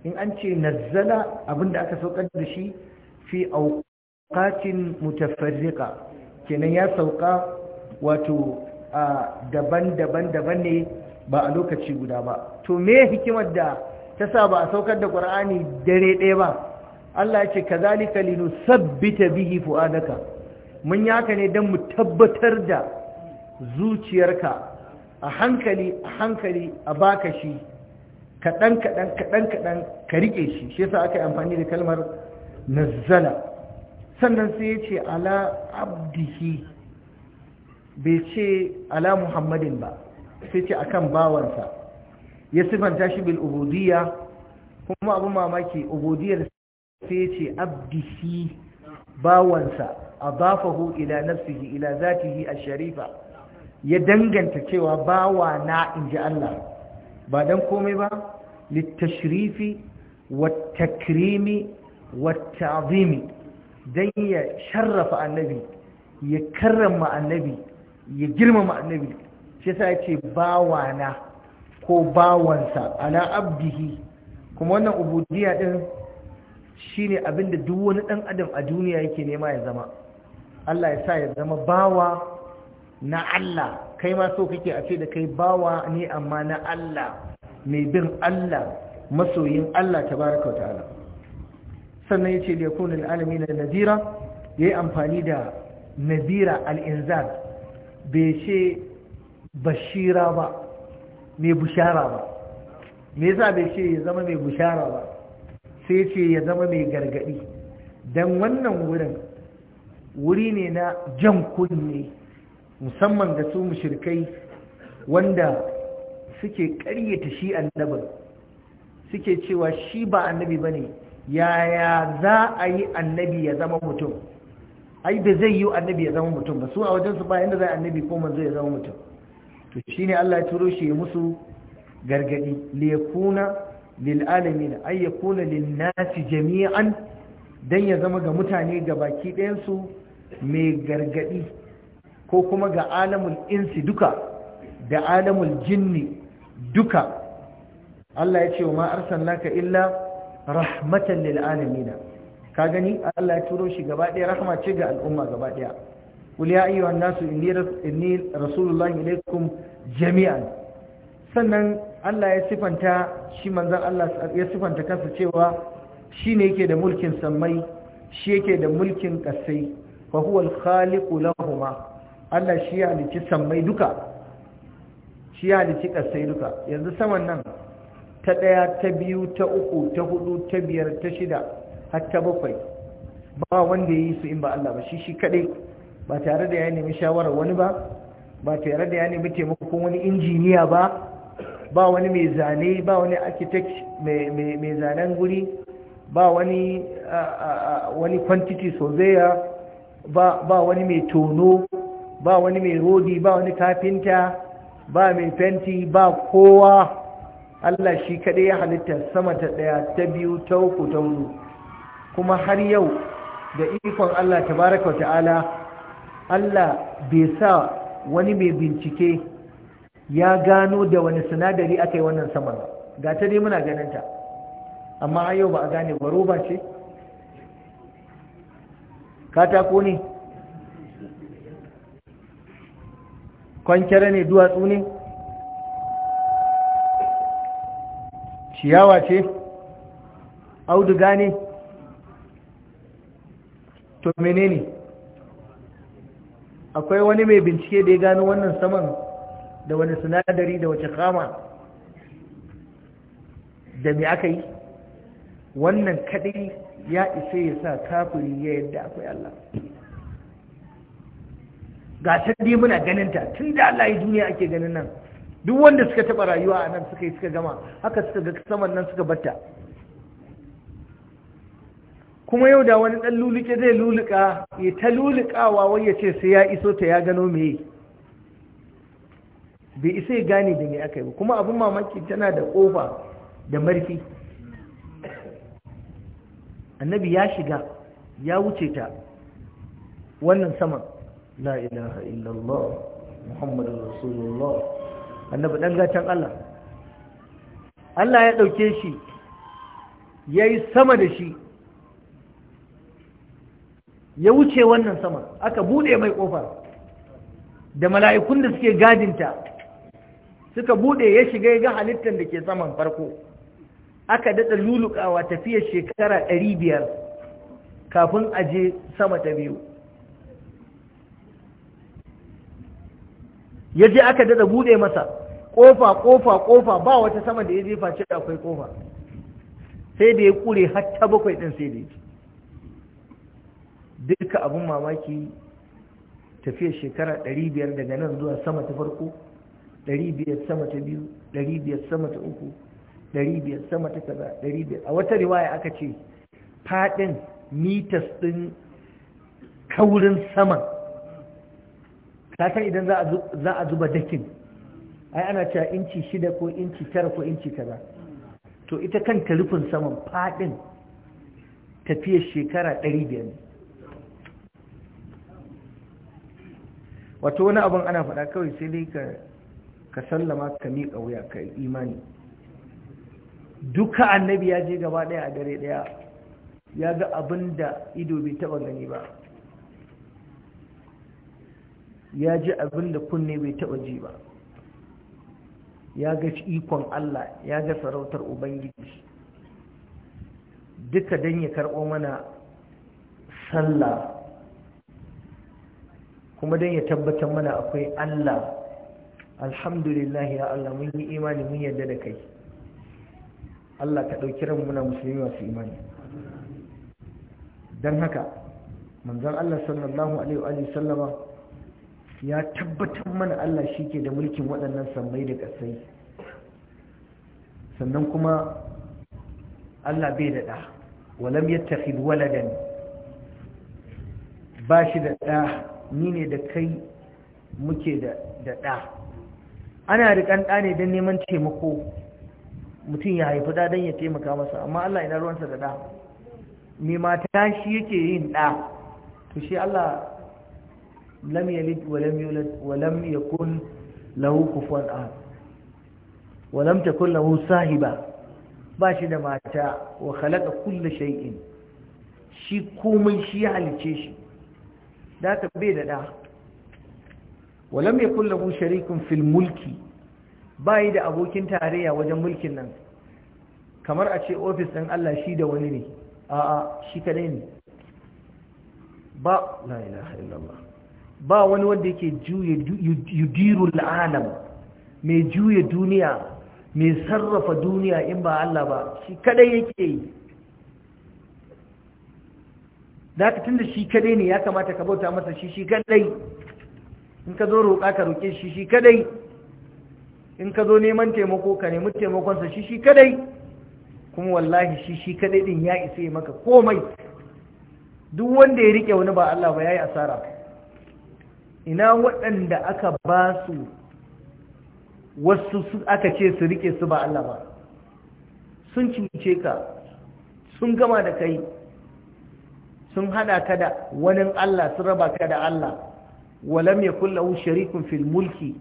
Speaker 1: in an ce nazzala abinda aka saukar da shi fi auqatin mutafarriqa kenan ya sauka wato daban-daban daban ne ba a lokaci guda ba to me hikimar da ta sa ba a saukar da Qur'ani dare ɗaya ba Allah ya ce kazalika sabbita bihi fuadaka mun yaka ne dan mu tabbatar da zuciyarka a hankali a hankali a baka shi kaɗan kaɗan kaɗan kaɗan ka riƙe shi shi sa aka yi amfani da kalmar nazzala sannan sai ya ce ala abdihi bai ce ala muhammadin ba sai ce akan bawansa ya sifanta shi bil ubudiyya kuma abin mamaki ubudiyar sai ce abdihi bawansa bafahu ila nafsihi ila zatihi a sharifa ya danganta cewa bawa na inji Allah ba dan komai ba litashrifi wattakrimi watta'zimi dan ya sharrafa annabi ya karrama annabi ya girmama annabi shi yasa ce bawana ko bawansa ala abdihi kuma wannan ubudiyya din shine abinda duk wani dan adam a duniya yake nema ya zama Allah ya sa ya zama bawa na Allah kai ma so kake a ce da kai bawa ne amma na Allah mai bin Allah masoyin Allah ta tabaraka ta'ala sannan yace da yakuna na nazira nadira yayi amfani da nadira al-inzar bai ce bashira ba mai bushara ba me yasa bai ce ya zama mai bushara ba sai ce ya zama mai gargadi dan wannan wurin wuri ne na jan kunne musamman ga su mushrikai wanda suke ƙaryata shi annabin suke cewa shi ba annabi ba ne, yaya za a yi annabi ya zama mutum ai da zai yi annabi ya zama mutum ba su a wajensu ba yadda zai annabi ko manzo ya zama mutum to shine Allah ya turo shi ya musu gargadi liyakuna lil alamin ay yakuna lin jami'an dan ya zama ga mutane ga baki ɗayan su mai gargadi ko kuma ga alamul insi duka da alamul jinni duka Allah ya ce wa ma arsalnaka illa rahmatan lil alamin ka gani Allah ya turo shi gaba ɗaya rahma ce ga al'umma gaba ɗaya ya ayyuhan nasu inni rasulullahi ilaikum jami'an sannan Allah ya sifanta shi manzon Allah ya sifanta kansa cewa shine yake da mulkin sammai shi yake da mulkin kasai fa huwa al-khaliqu lahumu Allah shi ya halici sammai duka shi ya halici kasai duka yanzu saman nan ta ɗaya ta biyu ta uku ta hudu ta biyar ta shida har ta bakwai ba wanda ya yi su in ba Allah ba shi shi kaɗai ba tare da ya nemi shawarar wani ba ba tare da ya nemi taimakon wani injiniya ba ba wani mai zane ba wani architect mai zanen guri ba wani wani quantity surveyor ba wani mai tono ba wani mai rodi ba wani kafinta ba mai fenti ba kowa Allah shi kaɗai ya halitta sama ta ɗaya ta biyu ta uku ta hudu kuma har yau da ikon Allah tabaraka ta'ala Allah bai sa wani mai bincike ya gano da wani sinadari aka yi wannan sama ga ta dai muna ganinta amma yau ba a gane ba roba ce katako ne kwankere ne duwatsu ne ciyawa ce auduga ne to menene akwai wani mai bincike da ya gano wannan saman da wani sinadari da wace kama da mai aka yi wannan kadai ya isa ya sa kafiri ya yadda akwai Allah ga ta dai muna ganin ta tun da Allah ya duniya ake ganin nan duk wanda suka taɓa rayuwa a nan suka yi suka gama haka suka ga saman nan suka batta kuma yau da wani dan luluke zai luluka ya ta lulukawa wai ya ce sai ya iso ta ya gano me bai isa ya gane da me aka yi ba kuma abin mamaki tana da ƙofa da marfi annabi ya shiga ya wuce ta wannan saman la ilaha illallah muhammadu rasulullah annabi dan gatan Allah Allah ya dauke shi yayi sama da shi ya wuce wannan sama aka bude mai kofar da mala'ikun da suke gadinta suka bude ya shiga ga halittar da ke saman farko aka daɗa lulukawa tafiyar shekara 500 kafin aje sama ta biyu ya je aka dada bude masa kofa kofa kofa ba wata sama da ya jefa ce akwai kofa sai da ya kure hatta bakwai din sai da ya duka abun mamaki tafiyar shekara 500 daga nan zuwa sama ta farko 500 sama ta biyu 500 sama ta uku 500 sama ta kaza 500 a wata riwaya aka ce fadin mitas din kaurin sama. ka idan za a zuba dakin ai ana cewa inci shida ko inci tara ko inci kaza to ita kanta rufin saman fadin tafiyar shekara ɗari 500 wato wani abin ana faɗa kawai sai dai ka sallama ka miƙa wuya ka imani duka annabi ya je gaba ɗaya a dare ɗaya ya ga abin da ido bai taɓa gani ba ya ji abin da kunne bai taɓa ji ba ya ga ikon Allah ya ga sarautar Ubangiji duka don ya karɓo mana sallah kuma don ya tabbatar mana akwai Allah alhamdulillah ya Allah mun yi imani mun yadda da kai Allah ka ɗauki ran muna musulmi masu imani don haka manzan Allah sallallahu alaihi wa sallama ya tabbatar mana Allah shi ke da mulkin waɗannan sammai da ƙasai sannan kuma Allah bai da ɗa walam ya yattakhid waladan ba shi da ɗa ni ne da kai muke da ɗa ana riƙan ɗa ne don neman taimako mutum ya haifi ɗa don ya taimaka masa amma Allah ina ruwansa da ɗa mai mata shi yake yin ɗa to shi Allah lam yalid wa lam yulad wa lam sahiba ba shi da mata wa khalaqa kulli shay'in shi komai shi ya halice shi da ta bai da da wa lam yakun lahu sharikun fil mulki bai da abokin tarayya wajen mulkin nan kamar a ce ofis ɗin Allah shi da wani ne a'a shi kadai ne ba la ilaha illallah ba wani wanda yake juye Yudiru alam mai juye duniya mai sarrafa duniya in ba Allah ba shi kadai yake yi da tunda shi kadai ne ya kamata ka bauta masa shi shi kadai in ka zo roƙa ka roƙe shi shi kadai in ka zo neman taimako ka nemi taimakonsa shi shi kadai kuma wallahi shi shi kadai din ya isa maka komai duk wanda ya riƙe wani ba Allah ba yayi asara ina waɗanda aka ba su wasu aka ce su rike su ba Allah ba sun cuce ka sun gama da kai sun hada ka da wani Allah sun raba ka da Allah walam ya kullahu sharikun fil mulki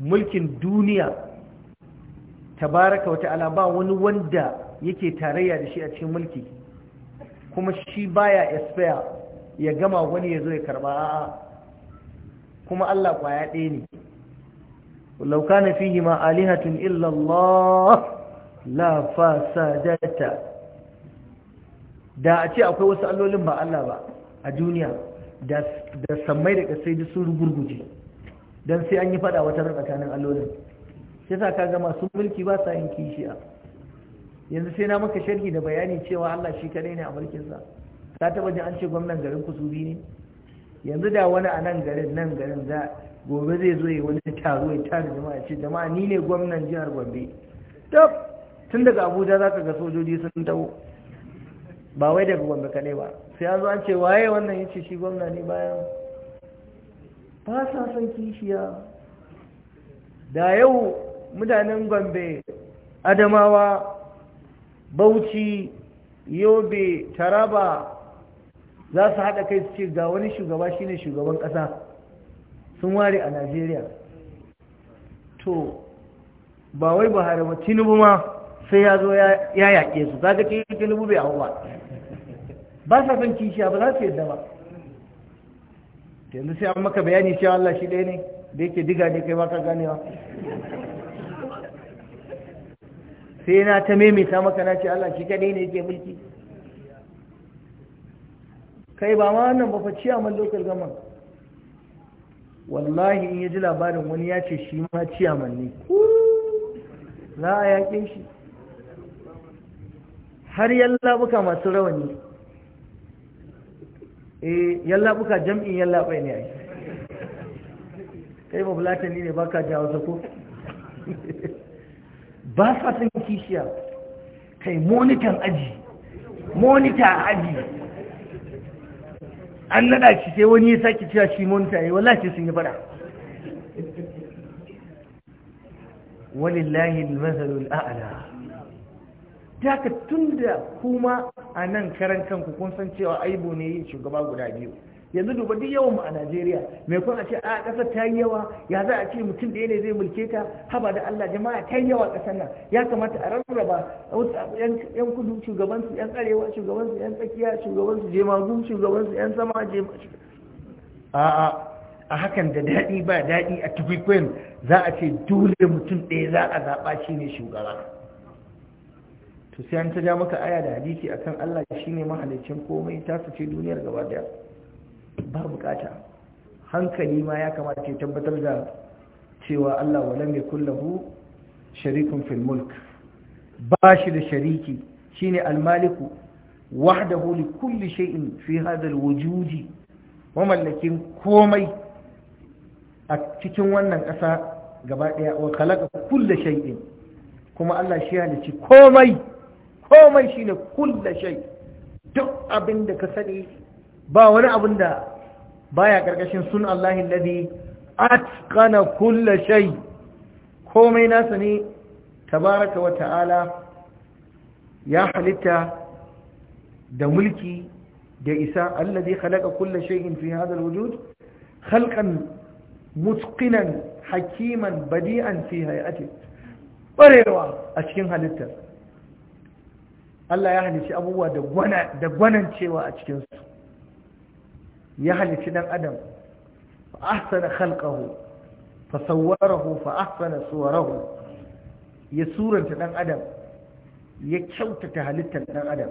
Speaker 1: mulkin duniya tabaraka wa ta'ala ba wani wanda yake tarayya da shi a cikin mulki kuma shi baya espaya ya gama wani ya zo ya karba a'a kuma Allah kwaya ɗaya ne law kana fihi ma alihatun illa Allah la fasadata da a ce akwai wasu allolin ba Allah ba a duniya da samai da kasai da sun gurguje, don sai an yi fada wata tsakanin allolin sai sa kaga masu mulki ba sa yin kishiya yanzu sai na maka sharhi da bayani cewa Allah shi kadai ne a mulkinsa ka taba jin an ce gwamnan garin ku ne yanzu da wani a nan garin nan garin za gobe zai zo ya wani taro ya tara jama'a ce jama'a ni ne gwamnan jihar gombe tab tun daga abuja za ka ga sojoji sun taho ba wai daga gombe kaɗai ba sai an zo an ce waye wannan ya ce shi gwamna ne bayan ba sa son kishiya da yau mutanen gombe adamawa bauchi yobe taraba za su haɗa kai su ce ga wani shugaba shine shugaban ƙasa sun ware a najeriya to ba wai buhari ba tinubu ma sai ya zo ya yaƙe su za ka kaga tinubu bai hau ba ba sa son kishiya ba za su yadda ba yanzu sai an maka bayani cewa Allah shi ɗaya ne da yake diga ne kai baka ganewa sai na ta maimaita maka na ce Allah shi kaɗai ne yake mulki kai ba ma wannan ba fa ciyaman local gaman. wallahi in ya ji labarin wani ya ce shi ma ciyaman ne za a yaƙe shi har yallabuka masu rawani E, eh, yallabuka jam'in yallabai ne ai kai ba bulatani ne baka jawo sako *laughs* ba sa son kishiya kai monitan aji monita aji an naɗa shi sai wani ya sake cewa shi monta yi wallahi sun yi fada walillahi al-masalul a'la ka tunda kuma a nan karan kanku kun san cewa aibu ne yin shugaba guda biyu yanzu duba duk yawan mu a Najeriya mai kuma ce a ƙasar ta yi yawa ya za a ce mutum ɗaya ne zai mulke ta haba da Allah jama'a ta yi yawa ƙasar nan ya kamata a rarraba yan kudu shugaban su yan arewa shugaban su yan tsakiya shugaban su jemagu shugaban su yan sama jemagu a'a a hakan da daɗi ba daɗi a tukwikwin za a ce dole mutum ɗaya za a zaɓa shi ne shugaba to sai an ta ja maka aya da hadisi akan Allah shine ne mahalicin komai ta su ce duniyar gaba daya ba bukata hankali ma ya kamata ya tabbatar da cewa Allah walam kullahu sharikun fil mulk ba shi da shariki shine almaliku wahdahu li kulli shay'in fi hadha alwujudi wa mamallakin komai a cikin wannan kasa gaba daya wa khalaqa kulli shay'in kuma Allah shi ya halicci komai komai shine kulli shay duk abinda ka sani ba wani abinda baya karkashin sun Allah alladhi atqana kulla shay komai nasa ne tabaraka wa ta'ala ya halitta da mulki da isa alladhi khalaqa kulla shay'in fi hadha alwujud khalqan mutqinan hakiman badi'an fi hay'ati
Speaker 2: barewa
Speaker 1: a cikin halittar Allah ya halici abubuwa da gwanancewa a cikinsu ya halici dan adam fa ahsana khalqahu fa sawwarahu fa ahsana suwarahu ya suranta dan adam ya kyautata halittar dan adam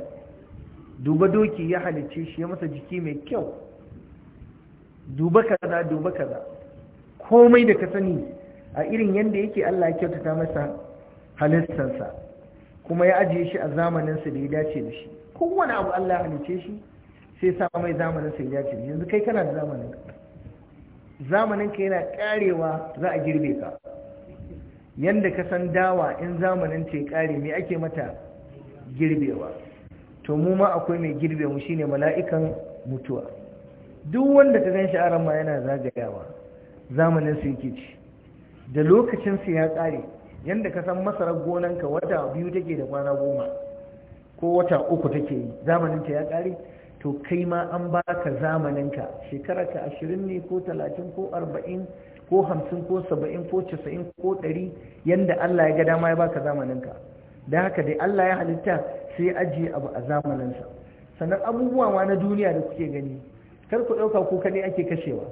Speaker 1: duba doki ya halice shi ya masa jiki mai kyau duba kaza duba kaza komai da ka sani a irin yadda yake Allah ya kyautata masa halittarsa kuma ya ajiye shi a zamaninsa da ya dace da shi kowane abu Allah halice shi sai sa mai zamanin sai ya ce yanzu kai kana da zamanin zamanin ka yana karewa za a girbe ka yanda ka san dawa in zamanin ta ya kare me ake mata girbewa to mu ma akwai mai girbe mu shine mala'ikan mutuwa duk wanda ta gan sha'aran ma yana zagayawa zamanin su yake ci da lokacin su ya kare yanda ka san masarar gonanka wata biyu take da kwana goma ko wata uku take yi zamanin ta ya kare to kai ma an ba ka zamaninka shekara ka ashirin ne ko talatin ko arba'in ko hamsin ko saba'in ko casa'in ko ɗari yadda Allah ya ga dama ya ba ka zamaninka da haka dai Allah ya halitta sai ajiye abu a zamaninsa sannan abubuwa ma na duniya da kuke gani kar ku ɗauka ko kaɗai ake kashewa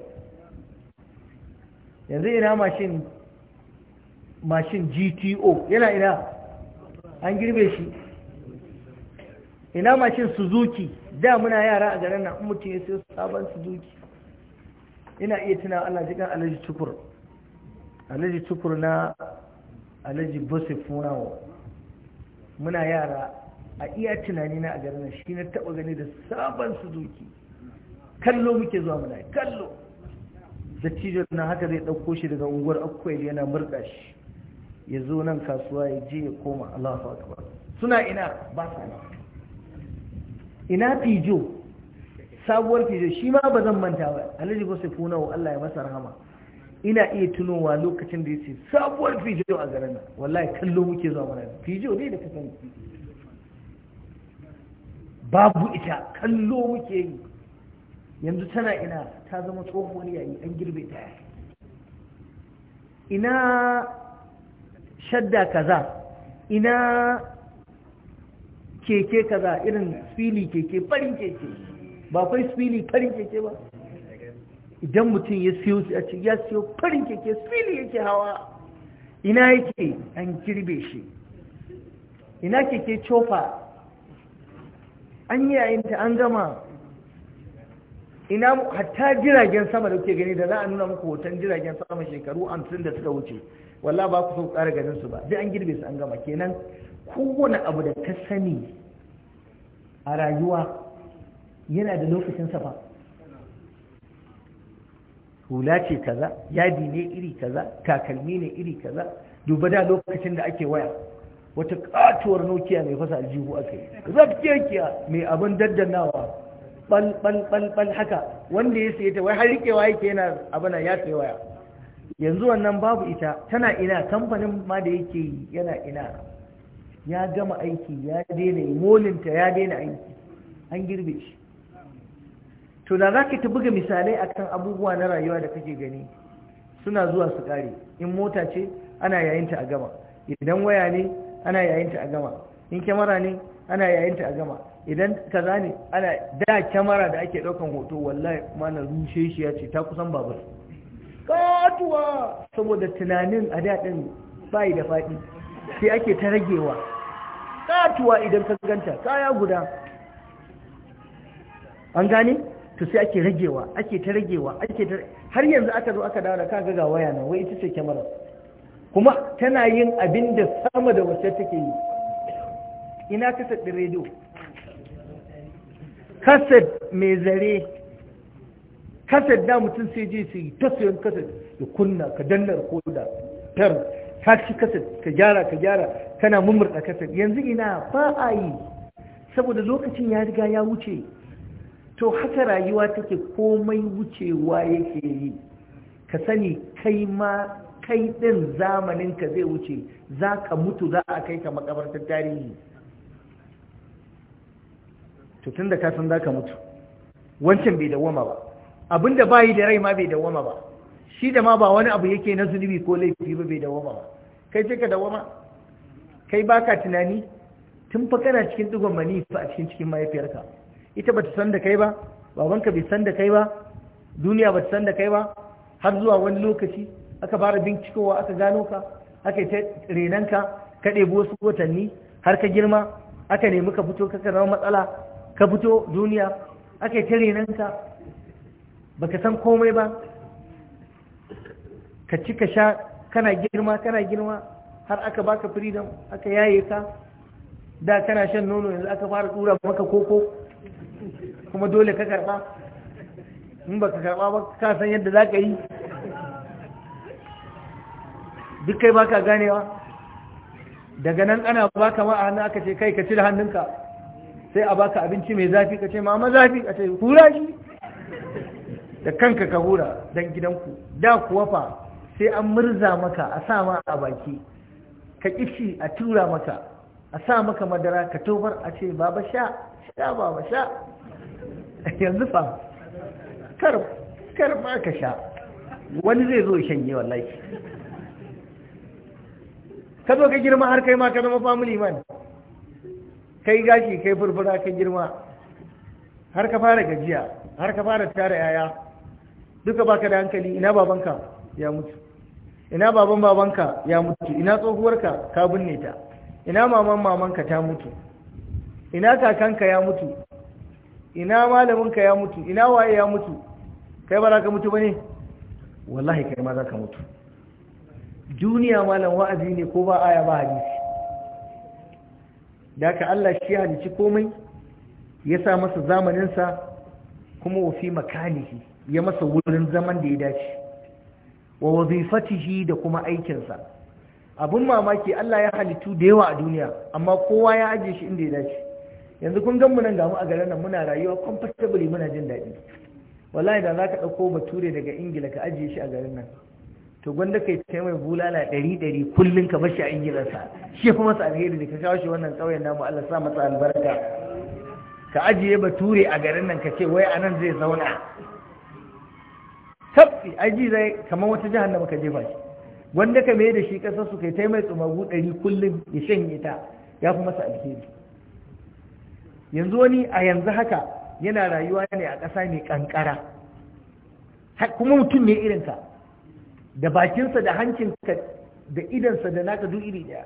Speaker 1: yanzu ina mashin mashin gto yana ina an girbe shi ina mashin suzuki da muna yara a garin nan mutum ya sai sabon duki ina iya tuna Allah jikan alaji tukur alaji tukur na alaji bose funawa muna yara a iya tunani na a garin nan shi na taba gani da sabon duki kallo muke zuwa muna kallo da cijo na haka zai ɗauko shi daga unguwar akwai yana murɗa shi ya zo nan kasuwa ya je ya koma Allah akbar suna ina ba sa ina fijo sabuwar fijo shi ma ba zan manta ba alhaji ko sai funawo Allah ya masa rahama ina iya tunowa lokacin da ya ce sabuwar fijo a garin nan wallahi kallo muke zuwa mana fijo ne da kasan babu ita kallo muke yi yanzu tana ina ta zama tsohuwar yayi an girbe ta ina shadda kaza ina keke kaza irin fili keke farin keke ba kai fili farin keke ba idan mutum ya siyo a ce ya siyo farin keke fili yake hawa ina yake an kirbe shi ina keke cofa an yayinta an gama ina hatta jiragen sama da kuke gani da za a nuna muku hoton jiragen sama shekaru hamsin da suka wuce wallah ba ku so ƙara ganin su ba dai an girbe su an gama kenan kowane abu da ta sani a rayuwa yana da lokacin safa hula ce kaza yadi ne iri kaza takalmi ne iri kaza duba da lokacin da ake waya wata katuwar nokia mai fasa aljihu aka yi zafkiyakiya mai abin daddanawa ɓalɓalɓal haka wanda ya saye ta wai har rikewa yake yana abana ya sayi waya yanzu wannan babu ita tana ina kamfanin ma da yake yana ina ya gama aiki ya daina molinta ya daina aiki an girbe shi to da za ka ta buga misalai akan abubuwa na rayuwa da kake gani suna zuwa su kare in mota ce ana yayinta a gama idan waya ne ana yayinta a gama in kyamara ne ana yayinta a gama idan kaza ne ana da kyamara da ake daukan hoto wallahi mana rushe shi ya ce ta kusan babur
Speaker 2: katuwa
Speaker 1: saboda tunanin a daɗin bayi da faɗi sai ake ta ragewa katuwa idan ka ganta kaya guda an gane to sai ake ragewa ake ta ragewa ake ta har yanzu aka zo aka dawo da ga ga waya na wai ita ce kyamara kuma tana yin abin da sama da wacce take yi ina ka saɗi rediyo kaset mai zare kaset da mutum sai je su yi ta sayan kaset ya kunna ka danna koda tar ci kaset ka gyara ka gyara kana mummurta kasar yanzu ina ba a yi saboda lokacin ya riga ya wuce to haka rayuwa take komai wucewa yake yi ka sani kai ma kai ɗin ka zai wuce za ka mutu za a kai ka makabartar tarihi to tun da san za ka mutu wancan bai dawama ba abinda ba yi da rai ma bai dawama ba shi da ma ba wani abu yake na zunubi ko laifi ba bai dawama ba kai ce ka dawama kai baka tunani tun fa kana cikin dugon mani fa a cikin cikin mahaifiyarka ita bata san da kai ba babanka bai san da kai ba duniya bata san da kai ba har zuwa wani lokaci aka fara bincikowa aka gano ka aka ta renanka ka ɗebi wasu watanni har ka girma aka nemi ka fito ka zama matsala ka fito duniya aka ta renanka baka san komai ba ka ci ka sha kana girma kana girma har aka baka freedom aka yaye ka da kana shan nono yanzu aka fara tura maka koko kuma dole ka karba in baka karba ba ka san yadda za ka yi duk kai baka ganewa daga nan ana baka ma a hannu aka ce kai ka cire hannunka sai a baka abinci mai zafi ka ce ma, ma zafi a ce hura shi da kanka ka hura don gidanku da kuwa fa sai an murza maka a sa ma a baki ka kishi a tura maka a sa maka madara ka tobar a ce baba sha
Speaker 2: sha baba sha
Speaker 1: yanzu fa kar kar ba ka sha wani zai zo shanye wallahi ka zo ka girma har kai ma ka zama family man kai gashi kai furfura ka girma har ka fara gajiya har ka fara tara yaya duka baka da hankali ina babanka ya mutu ina baban babanka ya mutu ina tsohuwarka ka binne ta ina maman mamanka ta mutu ina kakanka ya mutu ina malaminka ya mutu ina waye ya mutu kai ba za ka mutu ba ne wallahi kai ma za ka mutu duniya malam wa'azi ne ko ba aya ba hadisi da ka Allah shi halici komai ya sa masa zamaninsa kuma wafi makanihi ya masa wurin zaman da ya dace wa wazifatihi da kuma aikinsa abun mamaki Allah ya halittu da yawa a duniya amma kowa ya ajiye shi inda ya dace yanzu kun gan mu nan gamu a garin nan muna rayuwa comfortably muna jin daɗi wallahi da zaka ɗauko bature daga ingila ka ajiye shi a garin nan to gwanda kai ta mai bulala ɗari ɗari kullum ka bashi a sa shi fi masa alheri da ka kawo shi wannan ƙauyen namu Allah sa masa albarka ka ajiye bature a garin nan ka ce wai anan zai zauna tabbi aji zai kamar wata jahannama ka jefa shi wanda ka mai da shi kasar su kai taimai tsumagu ɗari kullum ya shanye ta ya fi masa alheri yanzu wani a yanzu haka yana rayuwa ne a ƙasa mai ƙanƙara kuma mutum ne irinka da bakinsa da hancinka da idansa da naka duk iri ɗaya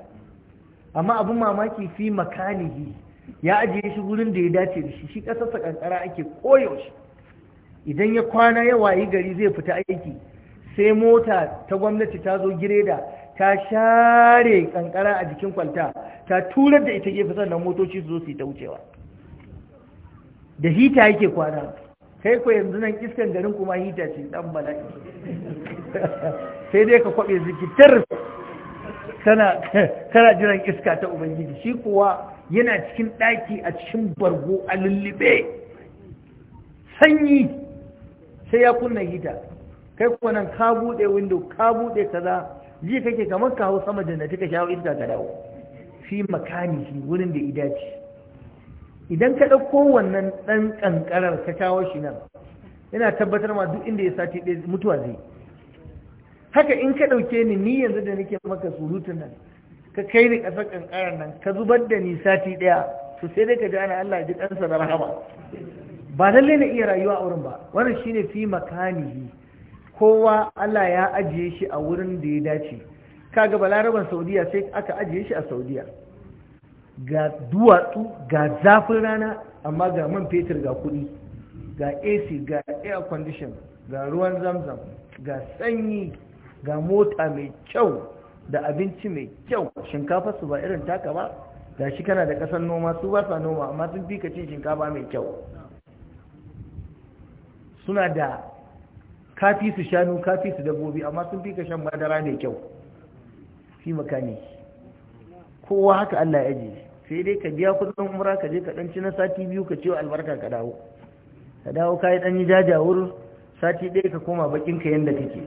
Speaker 1: amma abin mamaki fi makanihi ya ajiye shi wurin da ya dace da shi shi ƙasarsa ƙanƙara ake koyaushe idan ya kwana ya wayi gari zai fita aiki sai mota ta gwamnati ta zo gireda ta share kankara a jikin kwalta ta turar da ita gefe sannan motoci su zo su yi ta wucewa da hita yake kwana kai ko yanzu nan iskan garin kuma hita ce dan bala'i *laughs* sai dai ka kwabe zikitar kana kana *laughs* jiran iska ta ubangiji shi kuwa yana cikin daki a cikin bargo a lullube sanyi sai ya kunna hita kai kuma nan ka buɗe window ka buɗe kaza ji kake kamar ka hau sama janna ka shawo iska ka dawo fi makani shi wurin da ida ce idan ka ɗauko wannan ɗan ƙanƙarar ka shawo shi nan yana tabbatar ma duk inda ya sati ɗaya mutuwa zai haka in ka ɗauke ni ni yanzu da nake maka surutun nan ka kai ni ƙasar ƙanƙarar nan ka zubar da ni sati ɗaya to sai dai ka ji ana Allah ji ƙansa da rahama ba lalle na iya rayuwa a wurin ba wannan shine fi makanihi kowa Allah ya ajiye shi a wurin da ya dace kaga balaraban saudiya sai aka ajiye shi a saudiya ga duwatsu ga zafin rana amma ga man fetur ga kudi ga ac ga air condition ga ruwan zamzam ga sanyi ga mota mai kyau da abinci mai kyau shinkafa su ba irin taka ba ga shi kana da kasar noma su ba sa noma amma sun fi ka cin shinkafa mai kyau suna da kafi su shanu kafi su dabbobi amma sun fi ka shan madara mai kyau fi makani kowa haka Allah ya ji sai dai ka biya kudin umra ka je ka dan ci na sati biyu ka ciwo albarka ka dawo ka dawo ka yi dan yi jajawur sati ɗaya ka koma bakin ka yanda kake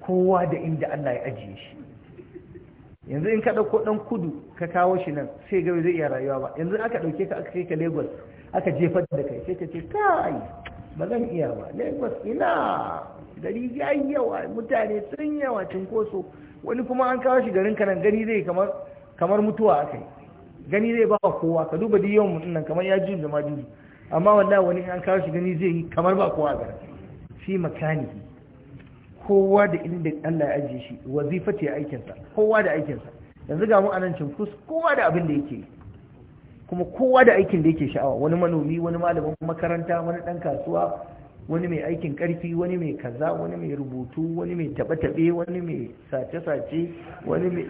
Speaker 1: kowa da inda Allah ya ajiye shi yanzu in ka dauko ɗan kudu ka kawo shi nan sai gaba zai iya rayuwa ba yanzu aka ɗauke ka aka kai ka lagos aka jefar da kai sai ka ce kai ba zan iya ba lagos ina gari ya yi yawa mutane sun yawa cinkoso wani kuma an kawo shi garin kanan gani zai kamar kamar mutuwa akai gani zai ba kowa ka duba duk yawan mutum nan kamar ya ji da majuji amma wallahi wani an kawo shi gani zai yi kamar ba kowa ga Shi makani kowa da inda Allah ya ajiye shi wazifati aikinsa kowa da aikinsa yanzu ga mu anan cinkus kowa da abin da yake yi kuma kowa da aikin da yake sha'awa wani manomi wani malamin makaranta wani ɗan kasuwa wani mai aikin ƙarfi wani mai kaza wani mai rubutu wani mai taɓe-taɓe wani mai sace-sace wani mai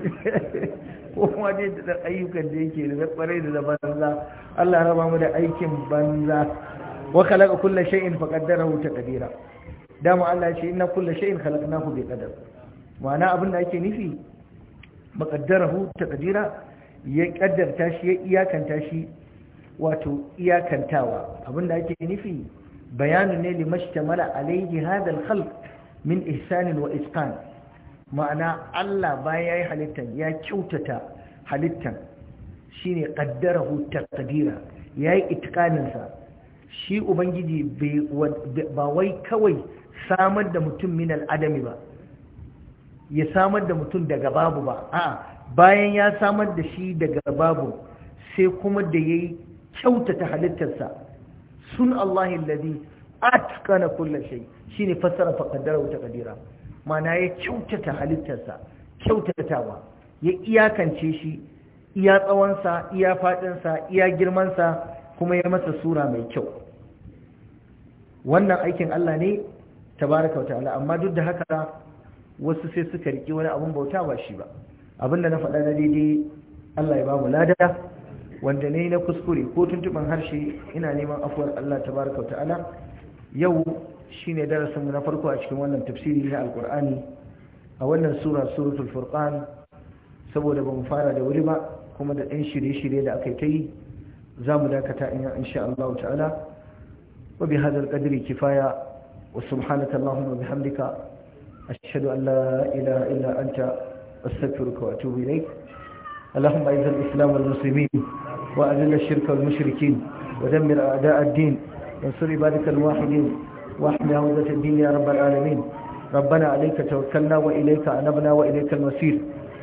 Speaker 1: *laughs* kowa dai da ayyukan da yake da kwarai da banza Allah raba mu da aikin banza wa khalaqa kulla shay'in faqaddarahu taqdira dama Allah ce inna kulla shay'in khalaqnahu bi qadar ma'ana abin da ake nufi ta taqdira ya kaddarta shi ya iyakanta shi wato iyakantawa abinda ake nufi bayanu ne limashtamala alayhi hadha al-khalq min ihsanin wa itqan ma'ana Allah bayan yayi halittan ya kyautata halittan shine qaddarahu taqdira yayi itqanin sa shi ubangiji ba wai kawai samar da mutum min al-adami ba ya samar da mutum daga babu ba A'a. bayan ya samar da shi daga babu sai kuma da ya yi kyautata halittarsa sun Allah ladi na kulla shai shi ne fassara faƙaddara wuta ƙadira mana ya kyautata halittarsa kyautatawa ya iyakance shi iya tsawonsa iya faɗinsa iya girmansa kuma ya masa sura mai kyau wannan aikin Allah ne tabaraka wa ta'ala amma duk da haka wasu sai suka riƙe wani abun bauta ba shi ba abinda na faɗa na daidai Allah ya ba mu lada wanda ne na kuskure ko tuntuɓin harshe ina neman afuwar Allah tabaraka ta'ala yau shine darasin mu na farko a cikin wannan tafsiri na alkur'ani a wannan sura suratul furqan saboda bamu fara da wuri ba kuma da ɗan shirye-shirye da aka yi ta yi za mu dakata insha Allah ta'ala wa bi hadal qadri kifaya wa subhanaka allahumma bihamdika ashhadu an la ilaha illa anta أستغفرك وأتوب إليك اللهم أعز الإسلام والمسلمين وأذل الشرك والمشركين ودمر أعداء الدين وانصر عبادك الواحدين واحمي عودة الدين يا رب العالمين ربنا عليك توكلنا وإليك أنبنا وإليك المسير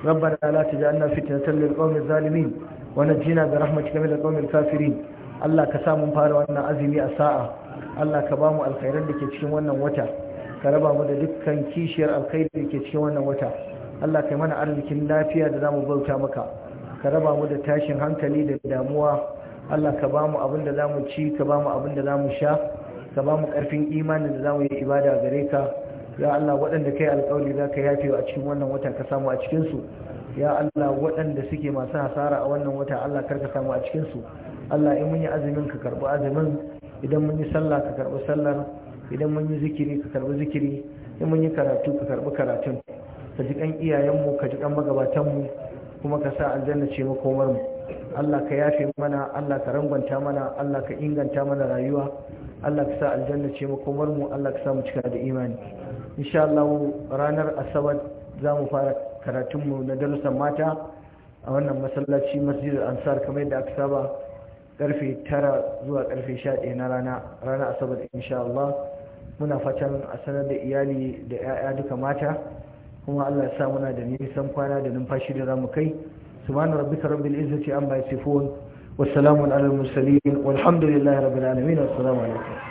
Speaker 1: ربنا لا تجعلنا فتنة للقوم الظالمين ونجينا برحمتك من القوم الكافرين Allah ka samu fara wannan azumi a sa'a Allah ka ba mu alkhairar da ke cikin wannan wata ka raba mu da dukkan kishiyar alkhairar da ke cikin wannan wata Allah kai mana arzikin lafiya da zamu bauta maka ka raba mu da tashin hankali da damuwa Allah ka ba mu abin da zamu ci ka ba mu abin da zamu sha ka ba mu karfin imani da zamu yi ibada gare ka ya Allah waɗanda kai alƙawari za ka yafe a cikin wannan wata ka samu a cikin su ya Allah waɗanda suke masu hasara a wannan wata Allah kar ka samu a cikin su Allah in mun yi azumin ka karɓi azumin idan mun yi sallah ka karɓi sallar idan mun yi zikiri ka karɓi zikiri in mun yi karatu ka karɓi karatun ka ji kan iyayenmu ka ji kan magabatanmu kuma ka sa aljanna ce makomarmu Allah ka yafe mana Allah ka rangwanta mana Allah ka inganta mana rayuwa Allah ka sa aljanna ce makomarmu Allah ka sa mu cika da imani insha Allah ranar asabar za mu fara karatunmu na darussan mata a wannan masallaci masjidul ansar kamar yadda aka saba karfe 9 zuwa karfe 11 na rana ranar asabar insha Allah muna fatan a sanar da iyali da 'ya'ya duka mata kuma Allah ya sa muna da nisan kwana da numfashi da mu kai subhana rabbika rabbil
Speaker 2: izzati amma yasifun wassalamu ala al mursalin walhamdulillahi rabbil alamin assalamu alaikum